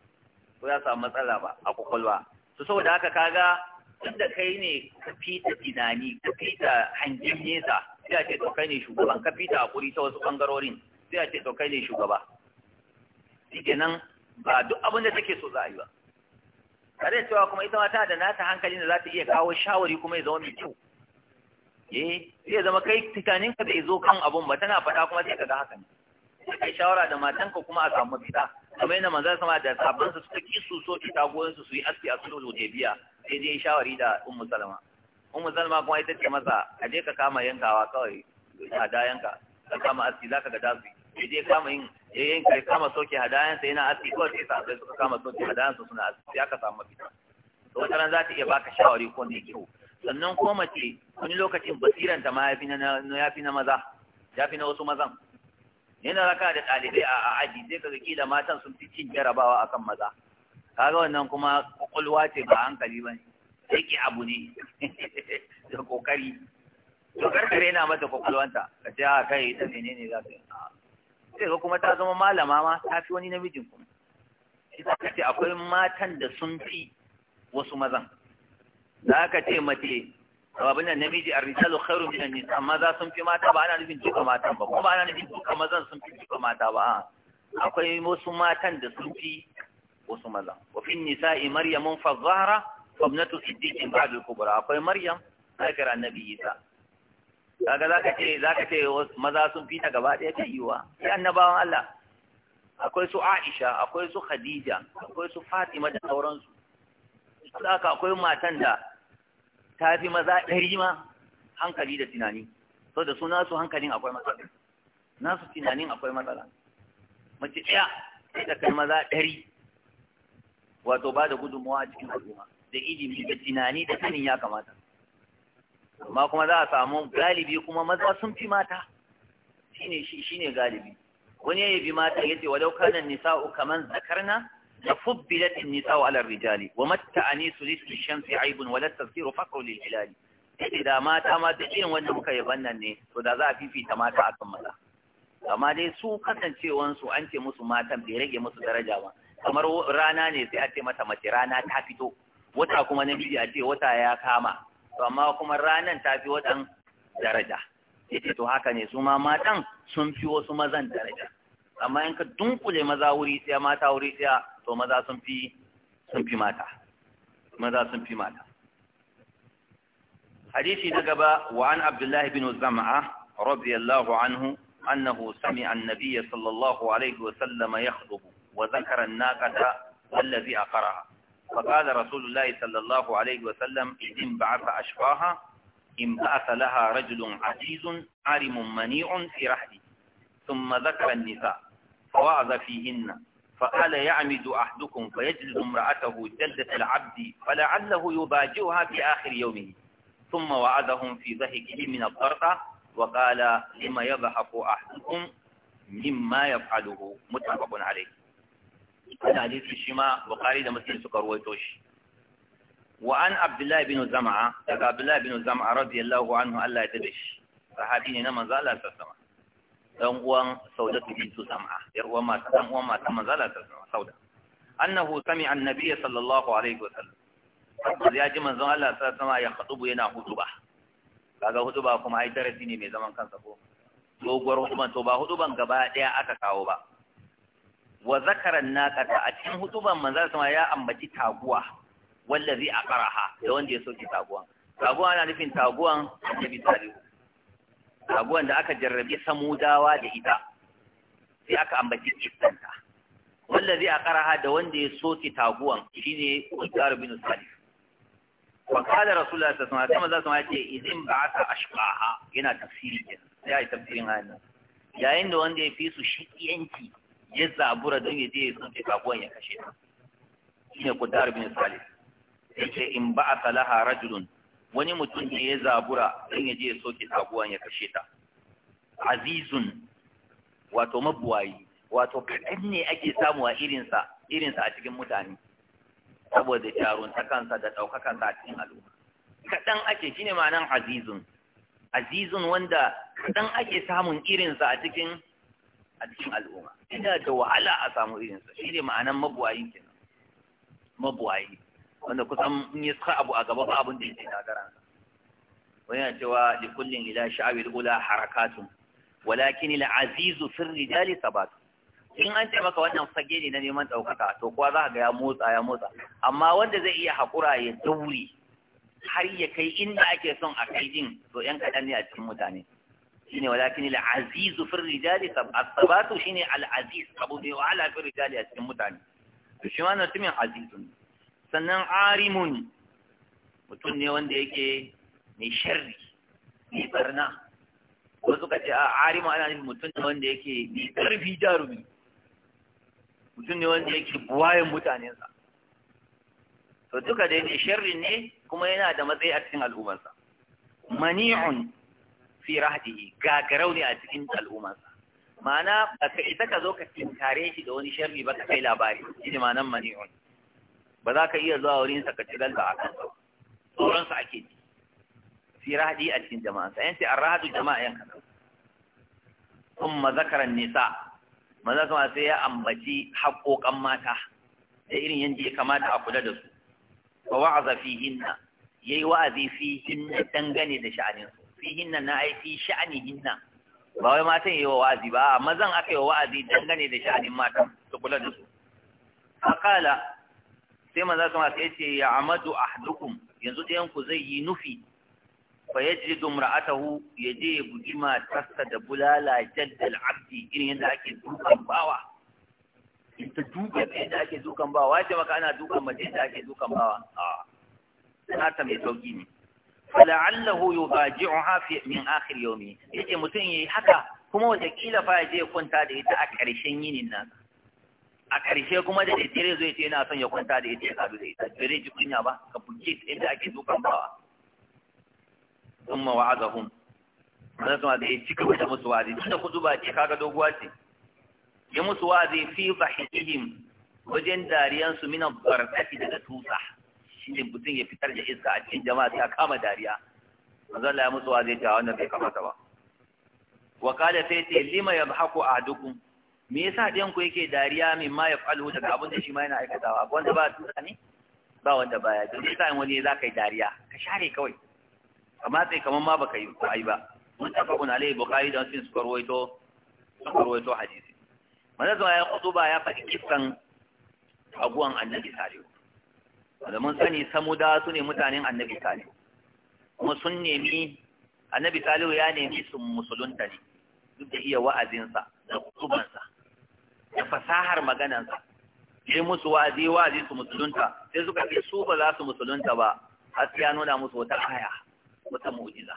ko ya samu matsala ba a kwakwalwa to saboda haka kaga tunda kai ne ka fita tunani ka fita hangen nesa sai a ce to kai ne shugaba, ka fita kuri ta wasu bangarorin sai a ce to kai ne shugaba nan ba duk abin da take so za a yi ba tare da cewa kuma ita ma ta da nata hankalin da za ta iya kawo shawari kuma ya zama mai kyau eh sai ya zama kai tunaninka bai zo kan abun ba tana faɗa kuma sai ka ga haka ne ka yi shawara da matanka kuma a samu fita kamar yadda manzan sama da sabon su ki su so ki su su yi aski a sulhul hudaybiya sai dai shawari da ummu salama ummu salama kuma ita ce masa a je ka kama yankawa kawai hadayanka ka kama aski zaka ga dasu sai dai kama yin ya yanka ya kama soke hadayansa yana aski kawai sai sa suka kama soke hadayansa suna aski sai aka samu fita to wata ran za ta iya baka shawari ko ne kyau sannan ko mace wani lokacin basiranta ma ya fi na maza ya fi na wasu mazan yana raka da ɗalibai a aji sai kaga kila matan sun fi cin jarabawa akan maza kaga wannan kuma kwakwalwa ce ba hankali ba ne sai abu ne [LAUGHS] da kokari to karkare na mata kwakwalwanta ka ce a kai ita menene za ka yi sai ga kuma ta zama malama ma ta fi wani namijin kuma ita ka ce akwai matan da sun fi wasu mazan za ka ce mace abin nan namiji a rijalu khairu min an-nisa amma za sun fi mata ba ana nufin duka matan ba kuma ba ana nufin duka mazan sun fi duka mata ba akwai wasu matan da sun fi wasu maza wa fi nisa'i maryamun fa zahra fa ibnatu siddiqin ba'd al-kubra akwai maryam zakar annabi isa kaga zaka ce zaka ce maza sun fi ta gaba ɗaya ta yiwa sai annabawan Allah akwai su Aisha akwai su Khadija akwai su Fatima da sauransu haka akwai matan da ta fi maza ɗari ma hankali da tunani so da su nasu hankalin akwai matsala nasu tunanin akwai matsala mace ɗaya sai da kai maza ɗari wato ba da gudunmawa a cikin al'umma da ilimi da tunani da sanin ya kamata amma kuma za a samu galibi kuma maza sun fi mata shine shine galibi wani ya bi mata ya ce wadau kanan nisa'u kaman zakarna لفضلت النساء على الرجال وما التأنيس ليس الشمس عيب ولا التذكير فقر للهلال اذا ما تما دين wanda muka yabanna ne to da za a fifita mata akan maza amma dai su kasancewan su an ce musu matan bai rage musu daraja ba kamar rana ne sai a ce mata mace rana ta fito wata kuma namiji a ce wata ya kama to amma kuma ranan ta fi wadan daraja yace to haka ne su ma matan sun fi wasu mazan daraja amma in ka dunkule maza wuri sai mata wuri sai to maza sun fi sun fi mata maza sun fi mata hadisi na gaba wa an abdullahi bin zam'a radiyallahu anhu annahu sami an sallallahu alaihi wa sallama yakhdubu wa zakara an-naqata allazi aqara فقال رسول الله صلى الله عليه وسلم إن بعث أشفاها إن بعث لها رجل عزيز عارم منيع في رحله ثم ذكر النساء فوعظ فيهن فقال يعمد أحدكم فيجلد امرأته جلدة العبد فلعله يباجئها في آخر يومه ثم وعدهم في ضحكه من الطرقة وقال لما يضحك أحدكم مما يفعله متفق عليه هذا حديث الشماء وقاري ده مسلم سكر ويتوش وعن عبد الله بن زمعة عبد الله بن زمعة رضي الله عنه ألا يتدش صحابين نما زال الله dan uwan sauda su sam'a yar uwan mata ɗan uwan mata manzala ta sauda annahu sami'a annabiyya sallallahu alaihi wasallam tabbas ya ji manzon Allah sallallahu alaihi wasallam ya khutubu yana hutuba kaga hutuba kuma ai darasi ne mai zaman kansa ko doguwar hutuban to ba hutuban gaba ɗaya aka kawo ba wa zakara naqata a cikin hutuban manzon Allah ya ambaci taguwa wallazi aqraha da wanda ya soke taguwan taguwa na nufin taguwan bi sallallahu taguwan da aka jarrabe samudawa da ita sai aka ambaci Wanda zai a karaha da wanda ya soke taguwan shine Uthar bin Salih wa qala rasulullahi sama alaihi wasallam sai izin ce idin ba'atha ashqaha yana tafsiri sai ai tafsirin hannu. yayin da wanda ya fi su shi yanki ya zabura don ya je ya soke taguwan ya kashe ta ne Uthar bin Salih sai in ba'atha laha rajulun wani mutum da ya zabura don ya je ya soke sabuwan ya kashe ta azizun wato mabuwayi wato kaɗan ne ake samu a irinsa irinsa a cikin mutane saboda ta kansa da sa a cikin al'umma kaɗan ake shine ma'anan azizun azizun wanda kaɗan ake samun irinsa a cikin a cikin al'umma ina da wahala a samu irinsa shine ma'anan mabuwayin kenan mabuwayi wanda kusan in yi saka abu a gaba ba abin da yake gara wani yana cewa li kullin ila sha'abil ula harakatun walakin la azizu fil rijali sabat in an ce maka wannan fage ne na neman daukaka to kuwa za ka ga ya motsa ya motsa amma wanda zai iya hakura ya daure har ya kai inda ake son a kai din to yan kadan ne a cikin mutane shine walakin la azizu fil rijali sabat sabatu shine al aziz abu da wahala fi rijali a cikin mutane to shi ma na tumin azizun sannan arimun mutum ne wanda yake mai sharri mai barna wasu ka ce a arimun ana nufin mutum ne wanda yake mai karfi jarumi mutum ne wanda yake buwayen mutanensa to duka da yake sharri ne kuma yana da matsayi a cikin al'ummarsa mani'un fi rahdihi gagarau ne a cikin al'ummarsa ma'ana ba ka isa ka zo ka tinkare shi da wani sharri ba ka kai labari shi ne ma'anan mani'un ba za ka iya zuwa wurin sa ka ci ganta a kan sauran sa ake ji fi rahadi a cikin jama'a sa yanci an rahadu jama'a yan kaza kuma zakaran nisa maza kuma sai ya ambaci haƙoƙan mata da irin yanda ya kamata a kula da su wa wa'aza Ya yayi wa'azi fi hinna dangane da sha'anin su hinna na ai fi hinna ba wai matan yayi wa'azi ba amma zan aka yi wa'azi dangane da sha'anin matan su kula da su فقال sai manzo kuma sai yace ya amadu ahdukum yanzu ta ku zai yi nufi fa yajidu imra'atahu yaje ya bugi matarsa da bulala jaddal abdi irin yadda ake dukan bawa in ta duka yadda ake dukan bawa wace maka ana dukan mace yadda ake dukan bawa a ta mai sauki ne fala'allahu yubaji'uha fi min akhir yawmi yace mutun yayi haka kuma wata kila fa yaje kwanta da ita a ƙarshen yinin nan a ƙarshe kuma da daddare zai ce yana son ya kwanta da ita ya sadu da ita ba zai ji kunya ba ka ta inda ake dukan bawa sun ma hun. manzo sama da ya ci gaba da musu tun da kudu ba ce kaga doguwa ce ya musu wazi fi zahihim wajen dariyan su min barzati daga tusa ne mutum ya fitar da iska a cikin jama'a sai a kama dariya manzo Allah ya musu wa'azi ta wannan bai kamata ba wa qala sai ce lima yadhaku ahadukum me yasa ɗayan ku yake dariya min ma yaf'alu daga abin da shi ma yana aikatawa wanda ba tuta ne ba wanda baya don yasa in wani za ka yi dariya ka share kawai amma sai kamar ma baka yi ko ai ba muttafaqun alayhi bukhari da muslim suka rawaito suka rawaito hadisi manzo ya ba ya faɗi kissan aguwan annabi salihu da mun sani samuda su ne mutanen annabi salihu kuma sun nemi annabi salihu ya nemi su musulunta ne duk da iya wa'azinsa da kutubansa da fasahar maganansa sai musu wazi wazi su musulunta sai suka ce su ba za su musulunta ba har ya nuna musu wata aya wata mu'jiza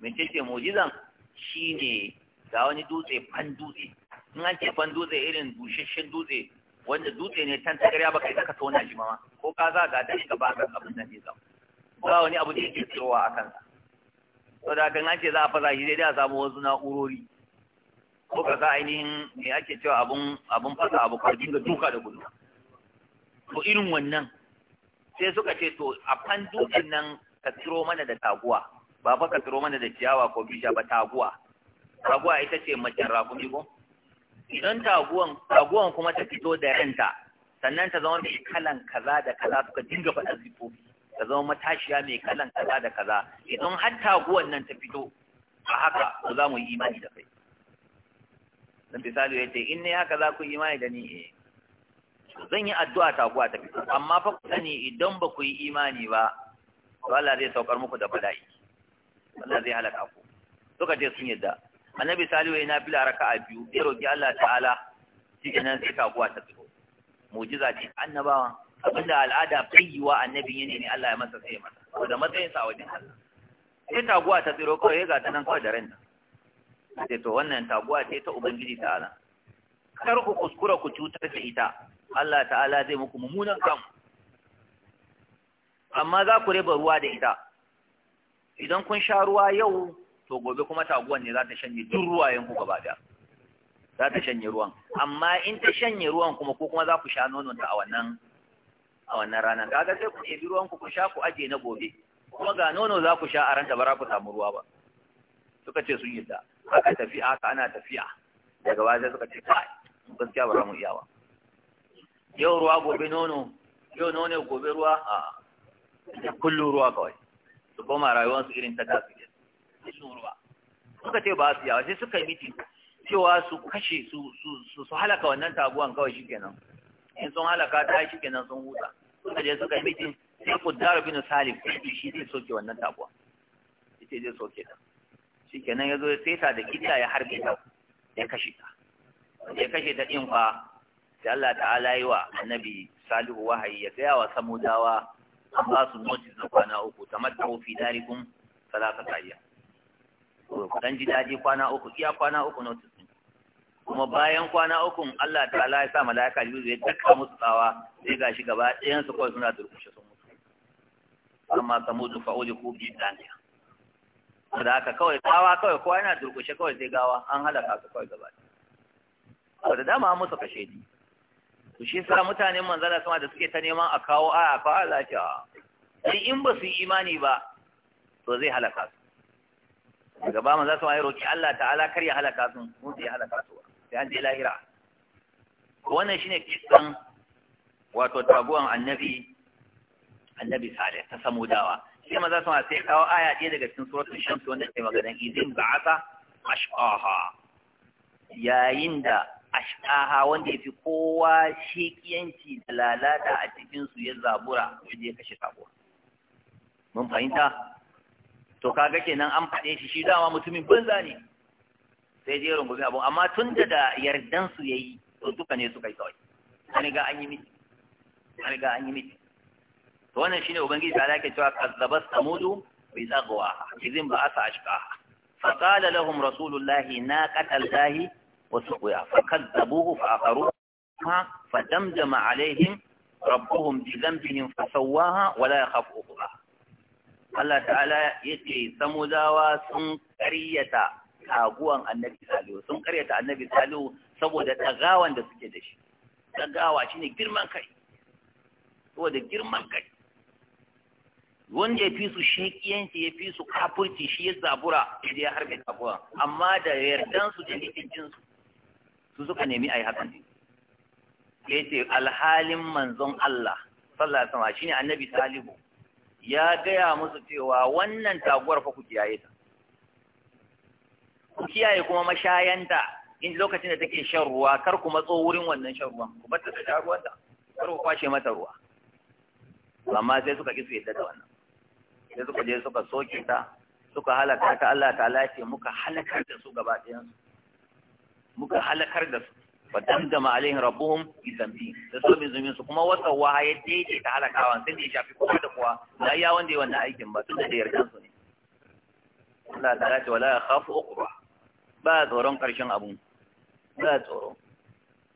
mecece mu'jizan shine ga wani dutse fan dutse in an ce fan dutse irin busheshen dutse wanda dutse ne tan tagarya baka ita ka tona shi ma ko ka za ga dan ka ba ka abin nan ne zam ba wani abu da yake tsirowa a kansa da kan an ce za a fasa shi sai dai a samu wasu na'urori ko ka sa ainihin me ake cewa abun abun fasa abu ka dinga duka da gudu to irin wannan sai suka ce to a kan dukin nan ka tsiro mana da taguwa ba fa ka tsiro mana da ciyawa ko bisha ba taguwa taguwa ita ce macen rakumi ko idan taguwan taguwan kuma ta fito da ranta sannan ta zama mai kalan kaza da kaza suka dinga faɗa zifofi ta zama matashiya mai kalan kaza da kaza idan har taguwan nan ta fito a haka to za mu yi imani da kai dan misali yace in ne haka za ku yi imani da ni eh zan yi addu'a ta ku ta fito amma fa ku sani idan ba ku yi imani ba to Allah zai saukar muku da bala'i Allah zai halaka ku suka je sun yadda annabi salihu yana bila raka'a biyu ya roki Allah ta'ala shikenan sai ta kuwa ta fito mu'jiza ce annabawa abinda al'ada bayyiwa annabin yene ne Allah ya masa sai masa saboda da matsayinsa a wajen Allah sai ta kuwa ta tsiro kawai ya ga ta nan kawai da ranta sai to wannan taguwa ce ta ubangiji ta'ala kar ku kuskura ku cutar da ita Allah ta'ala zai muku mummunan kam amma za ku reba ruwa da ita idan kun sha ruwa yau to gobe kuma taguwan ne za ta shanye duk ruwayen ku gaba daya za ta shanye ruwan amma in ta shanye ruwan kuma ko kuma za ku sha nonon ta a wannan a wannan ranar kaga sai ku ɗebi ruwan ku ku sha ku aje na gobe kuma ga nono za ku sha a ranta ba za ku samu ruwa ba suka ce sun da, aka tafiya haka ana tafiya daga baya sai suka ce kai gaskiya ba za mu iyawa yau ruwa gobe nono yau nono gobe ruwa a kullum ruwa kawai su koma rayuwarsu irin ta tafi sun ruwa suka ce ba su yawa sai suka yi miti cewa su kashe su su su halaka wannan taguwan kawai shikenan in sun halaka ta shikenan sun huta suka je suka yi mitin sai ku kuddar bin salif shi zai soke wannan taguwa yace zai soke ta shikenan ya zo ya fesa da kitta ya harbe ta ya kashe ta ya kashe ta din fa sai Allah ta'ala yi wa annabi salihu wahayi ya tsaya wa samudawa a ba su notice na kwana uku ta fi darikum salasa, ayyam ku dan ji daji kwana uku iya kwana uku notice kuma bayan kwana ukun Allah ta'ala ya sa mala'ika yi zai daka musu tsawa sai gashi gaba ɗayan su kawai suna durkushe sun mutu amma samudu fa'uliku bi daniya da haka kawai tsawa kawai kowa yana durkushe kawai zai gawa an halaka ka kawai gaba ɗaya da dama an musu kashe ni to shi sa mutanen manzala sama da suke ta neman a kawo a fa Allah ya sai in ba su yi imani ba to zai halaka su daga ba manzala sama ya roki Allah ta'ala kar ya halaka su mu zai halaka su sai an je lahira wannan shine kisan wato taguwan annabi annabi salih ta samudawa sai maza sama sai kawo aya ɗaya daga cikin suratul shamsi wanda ke maganan idin ba'atha ashqaha yayin da ashqaha wanda yafi kowa shekiyanci da lalata a cikin su ya zabura ya je kashe sabuwa mun fahimta to kaga kenan an faɗe shi shi dama mutumin banza ne sai je rungume abun amma tun da da yardan su yayi to duka ne suka yi kawai an ga an yi miti an ga an yi miti to wannan shine ubangiji ta alaka cewa kazzaba samudu bi zagwaha izin ba asa ashqaha fa qala lahum rasulullahi naqata allahi wa suqiya fa kazzabuhu fa aqaruha fa damdama alaihim rabbuhum bi dhanbihim fa sawaha wa la yakhafu uqbaha Allah ta'ala yake samudawa sun ƙaryata taguwan annabi salihu sun ƙaryata annabi salihu saboda tagawan da suke da shi tagawa shine girman kai saboda girman kai wanda ya fi su shekiyanci ya fi su kafurci shi ya zabura da ya harbe kafuwa amma da yardansu da likicinsu su suka nemi a yi hakan ne ya ce alhalin manzon Allah sallallahu alaihi wasallam shine annabi salihu ya gaya musu cewa wannan taguwar fa ku kiyaye ta ku kiyaye kuma mashayanta in lokacin da take shan ruwa kar ku matso wurin wannan shan ruwan ku bar ta da ruwan ta kar ku kwashe mata ruwa amma sai suka ki su yadda da wannan sai suka je suka soke ta suka halaka ta Allah ta lafi muka halakar da su gaba ɗayansu muka halakar da su wa damdama alaihim rabbuhum bi dhanbi da su bi zumin su kuma wata ya dace ta halakawa sai da ya shafi kowa da kowa da ya wanda ya wannan aikin ba tun da yarkan su ne Allah ta lafi wala khafu uqba ba tsoron karshen abun ba tsoro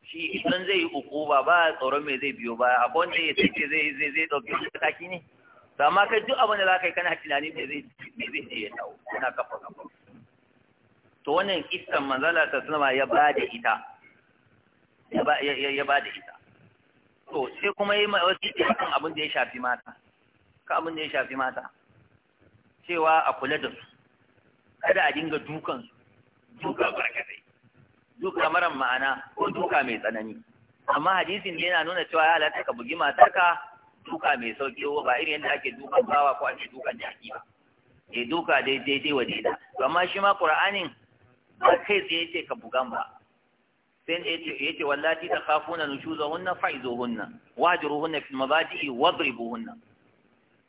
shi idan zai yi uquba ba tsoron me zai biyo ba Akwai wanda ya tace zai zai zai dauki mataki ne to amma kai duk abin da za ka yi kana tunanin me zai me zai je ya dawo kana kafa kafa to wannan kissan manzala ta sunama ya ba da ita ya ba da ita to sai kuma yi wasu kan abin da ya shafi mata ka abin da ya shafi mata cewa a kula da su kada a dinga dukan su duka barkatai duka maran ma'ana ko duka mai tsanani amma hadisin da yana nuna cewa ya halatta ka bugi matarka duka mai sauki ba irin yadda ake dukan bawa ko ake dukan jaki ba ya duka daidai wa daida to amma shi ma qur'anin ba kai tsaye ce ka bugan ba sai ya ce yace wallati ta khafuna nushuzuhunna fa'izuhunna wajruhunna fil mabadi'i wadribuhunna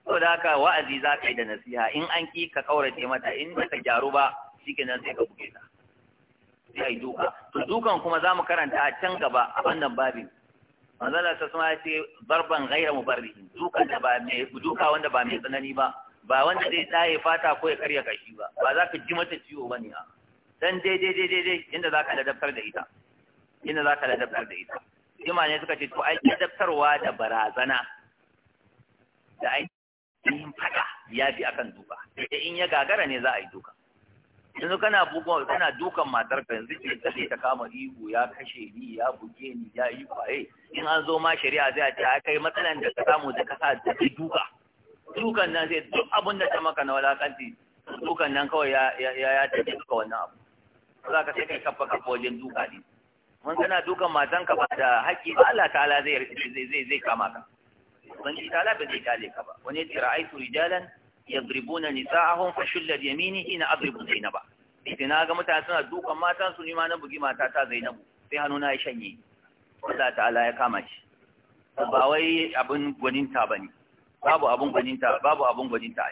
to da haka wa'azi za ka yi da nasiha in an ki ka kaurace mata in ba ka gyaru ba shikenan sai ka buge ta sai ai duka to dukan kuma za mu karanta a can gaba a wannan babin manzon ta suna ce barban mu mubarrihin duka da ba mai duka wanda ba mai tsanani ba ba wanda zai tsaye fata ko ya karya kashi ba ba za ka ji mata ciwo ne a dan daidai daidai dai inda za ka ladabtar da ita inda za ka ladabtar da ita jima ne suka ce to ai ladabtarwa da barazana da ai yin fada ya bi akan duka Da in ya gagara ne za a yi duka yanzu kana bugon kana dukan matar ka yanzu ce kace ta kama ihu ya kashe ni ya buge ni ya yi kwaye in an zo ma shari'a zai ce a kai matsalan da ka samu da kasa da ta duka dukan nan sai duk abin da ta maka na walakanti dukan nan kawai ya ya ya tafi duka wannan abu za ka sai kai kafa ka wajen duka ne mun kana dukan matan ka ba da haƙƙi ba Allah ta'ala zai zai zai kama ka ban ta'ala ba zai kale ka ba wani tira'aitu rijalan yadribuna nisa'ahum fashul lad yamini ina adribu zainaba idan na ga mutane suna dukan matan su ni ma na bugi mata ta zainabu sai hannuna ya shanye Allah ta'ala ya kama shi ba wai abin gwaninta bane babu abin gwaninta babu abin gwaninta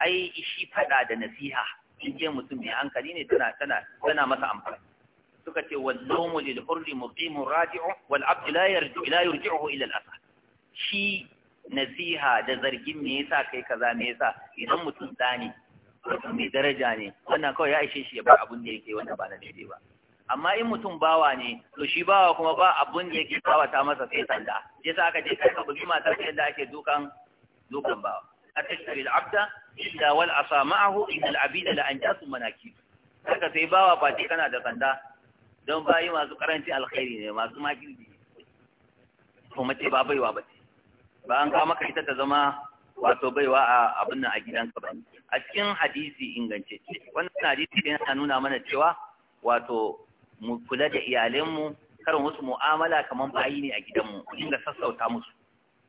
ai shi fada da nasiha in mutum mai hankali ne tana tana tana masa amfani suka ce wal lawmu lil hurri muqimun radi'u wal abdu la yarji la yurji'uhu ila al asah shi nasiha da zargin me yasa kai kaza me yasa idan mutum da ne mutum mai daraja ne wannan kawai ya ishe shi ya bar abun da yake wanda ba na daidai ba amma in mutum bawa ne to shi bawa kuma ba abun da yake kawata masa sai sanda yasa aka je kai ka bugi matar ka yadda ake dukan dukan bawa atashri al-abda illa wal asa ma'ahu innal al-abida la anjasu manakib haka sai bawa ba ce kana da sanda don bayi masu karanci alkhairi ne masu makirji kuma ce ba baiwa ba ba an kawo maka ita ta zama wato baiwa a abin nan a gidanka ba a cikin hadisi ingance wannan hadisi ne yana nuna mana cewa wato mu kula da iyalanmu kar wasu mu'amala kamar bayi ne a gidanmu mu dinga sassauta musu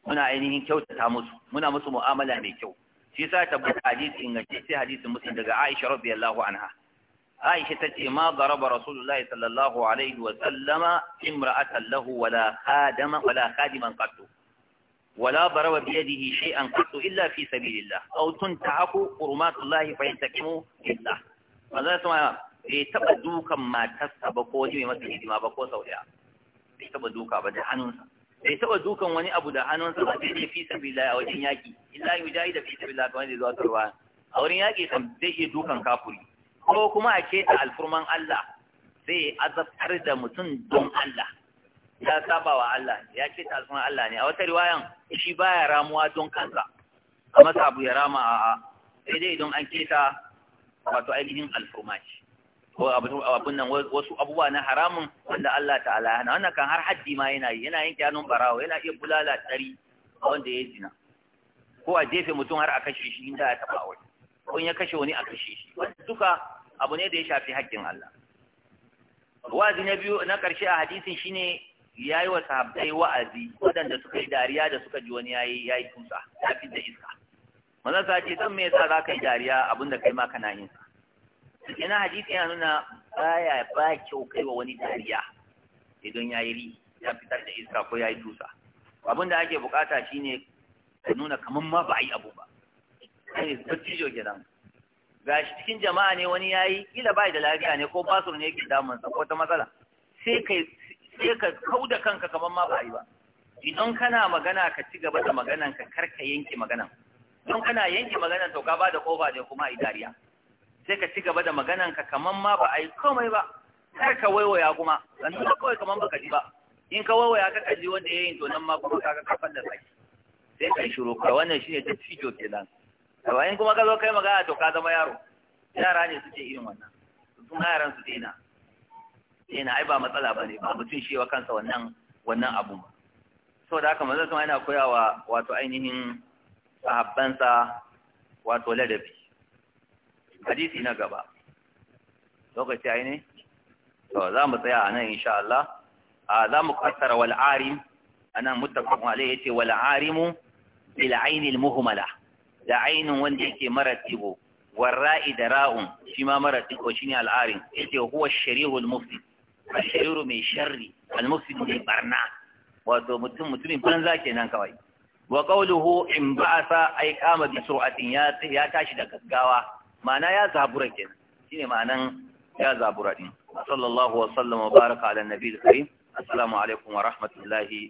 muna ainihin kyautata musu muna musu mu'amala mai kyau shi yasa tabbata hadisi ingance sai hadisin musu daga Aisha radiyallahu anha Aisha ta ce ma daraba Rasulullah sallallahu alaihi wa sallama imra'atan lahu wala khadama wala khadiman qattu ولا ضرب بيده شيئا قط إلا في سبيل الله أو تنتهك حرمات الله فينتقم لله ماذا سمع bai taba dukan matarsa ba ko wani mai masa hidima ba ko sau bai taba duka ba da hannunsa bai taba dukan wani abu da hannunsa ba sai ne fi sabilillah a wajen yaki illa yujahi da fi sabilillah kamar da zuwa tarwa a wurin yaki kan zai iya dukan kafuri ko kuma a keta alfurman Allah sai azabtar da mutum don Allah ya saba wa Allah ne ya ce ta sunan Allah ne a wata riwayan shi baya ramuwa don kansa a masa abu ya rama a sai dai don an keta wato ainihin alfurmaci ko abun nan wasu abubuwa na haramun wanda Allah ta'ala ya hana wannan kan har haddi ma yana yi yana yanke hannun barawa yana iya bulala tsari a wanda ya zina ko a jefe mutum har a kashe shi inda ya taba wani ko in ya kashe wani a kashe shi wanda duka abu ne da ya shafi haƙƙin Allah wazi na biyu na ƙarshe a hadisin shine ya yi wa sahabbai wa'azi waɗanda suka yi dariya da suka ji wani ya yi ya yi tusa ya fi da iska manzon sa ce don me yasa za ka yi dariya abin da kai ma kana yin sa na hadisi ya nuna baya ba kyau kai wa wani dariya idan ya yi ri ya fitar da iska ko ya yi tusa abin da ake bukata shine ka nuna kamar ma ba a yi abu ba kai dattijo kenan ga shi cikin jama'a ne wani ya yi kila bai da lafiya ne ko basur ne yake damunsa ko ta matsala sai kai sai ka kau da kanka kamar ma ba yi ba idan kana magana ka ci gaba da maganan ka kar ka yanke maganan don kana yanke maganan to ka ba da kofa da kuma dariya. sai ka ci gaba da maganan ka kamar ma ba a yi komai ba kar ka waiwaya kuma zan ba kawai kamar baka ji ba in ka waiwaya ka kaji wanda ya yi to nan ma kuma kaga kafan da saki sai ka shiru ka wannan shine ta cijo kenan to in kuma ka zo kai magana to ka zama yaro yara ne suke irin wannan sun yaran su daina yana ai ba matsala ba ne ba mutum shi wa kansa wannan wannan abu ba so da haka manzon yana koyawa wato ainihin sahabbansa wato ladabi hadisi na gaba lokaci ai ne to za mu tsaya a nan insha Allah a za mu kassara wal arim anan muttafaqun alayhi yace wal arimu bil ayn al muhmala da ainun wanda yake maratibo warra'i da ra'un shi ma maratibo shine al arim yace huwa shari'ul Mufti. ashiru mai sharri almufsid mai barna wato mutum mutumin banza kenan kawai wa qawluhu in ba'asa ay qama bi sur'atin ya ya tashi da gaggawa ma'ana ya zabura kenan shine ma'anan ya zabura din sallallahu wa sallama baraka ala nabiyil karim assalamu alaikum wa rahmatullahi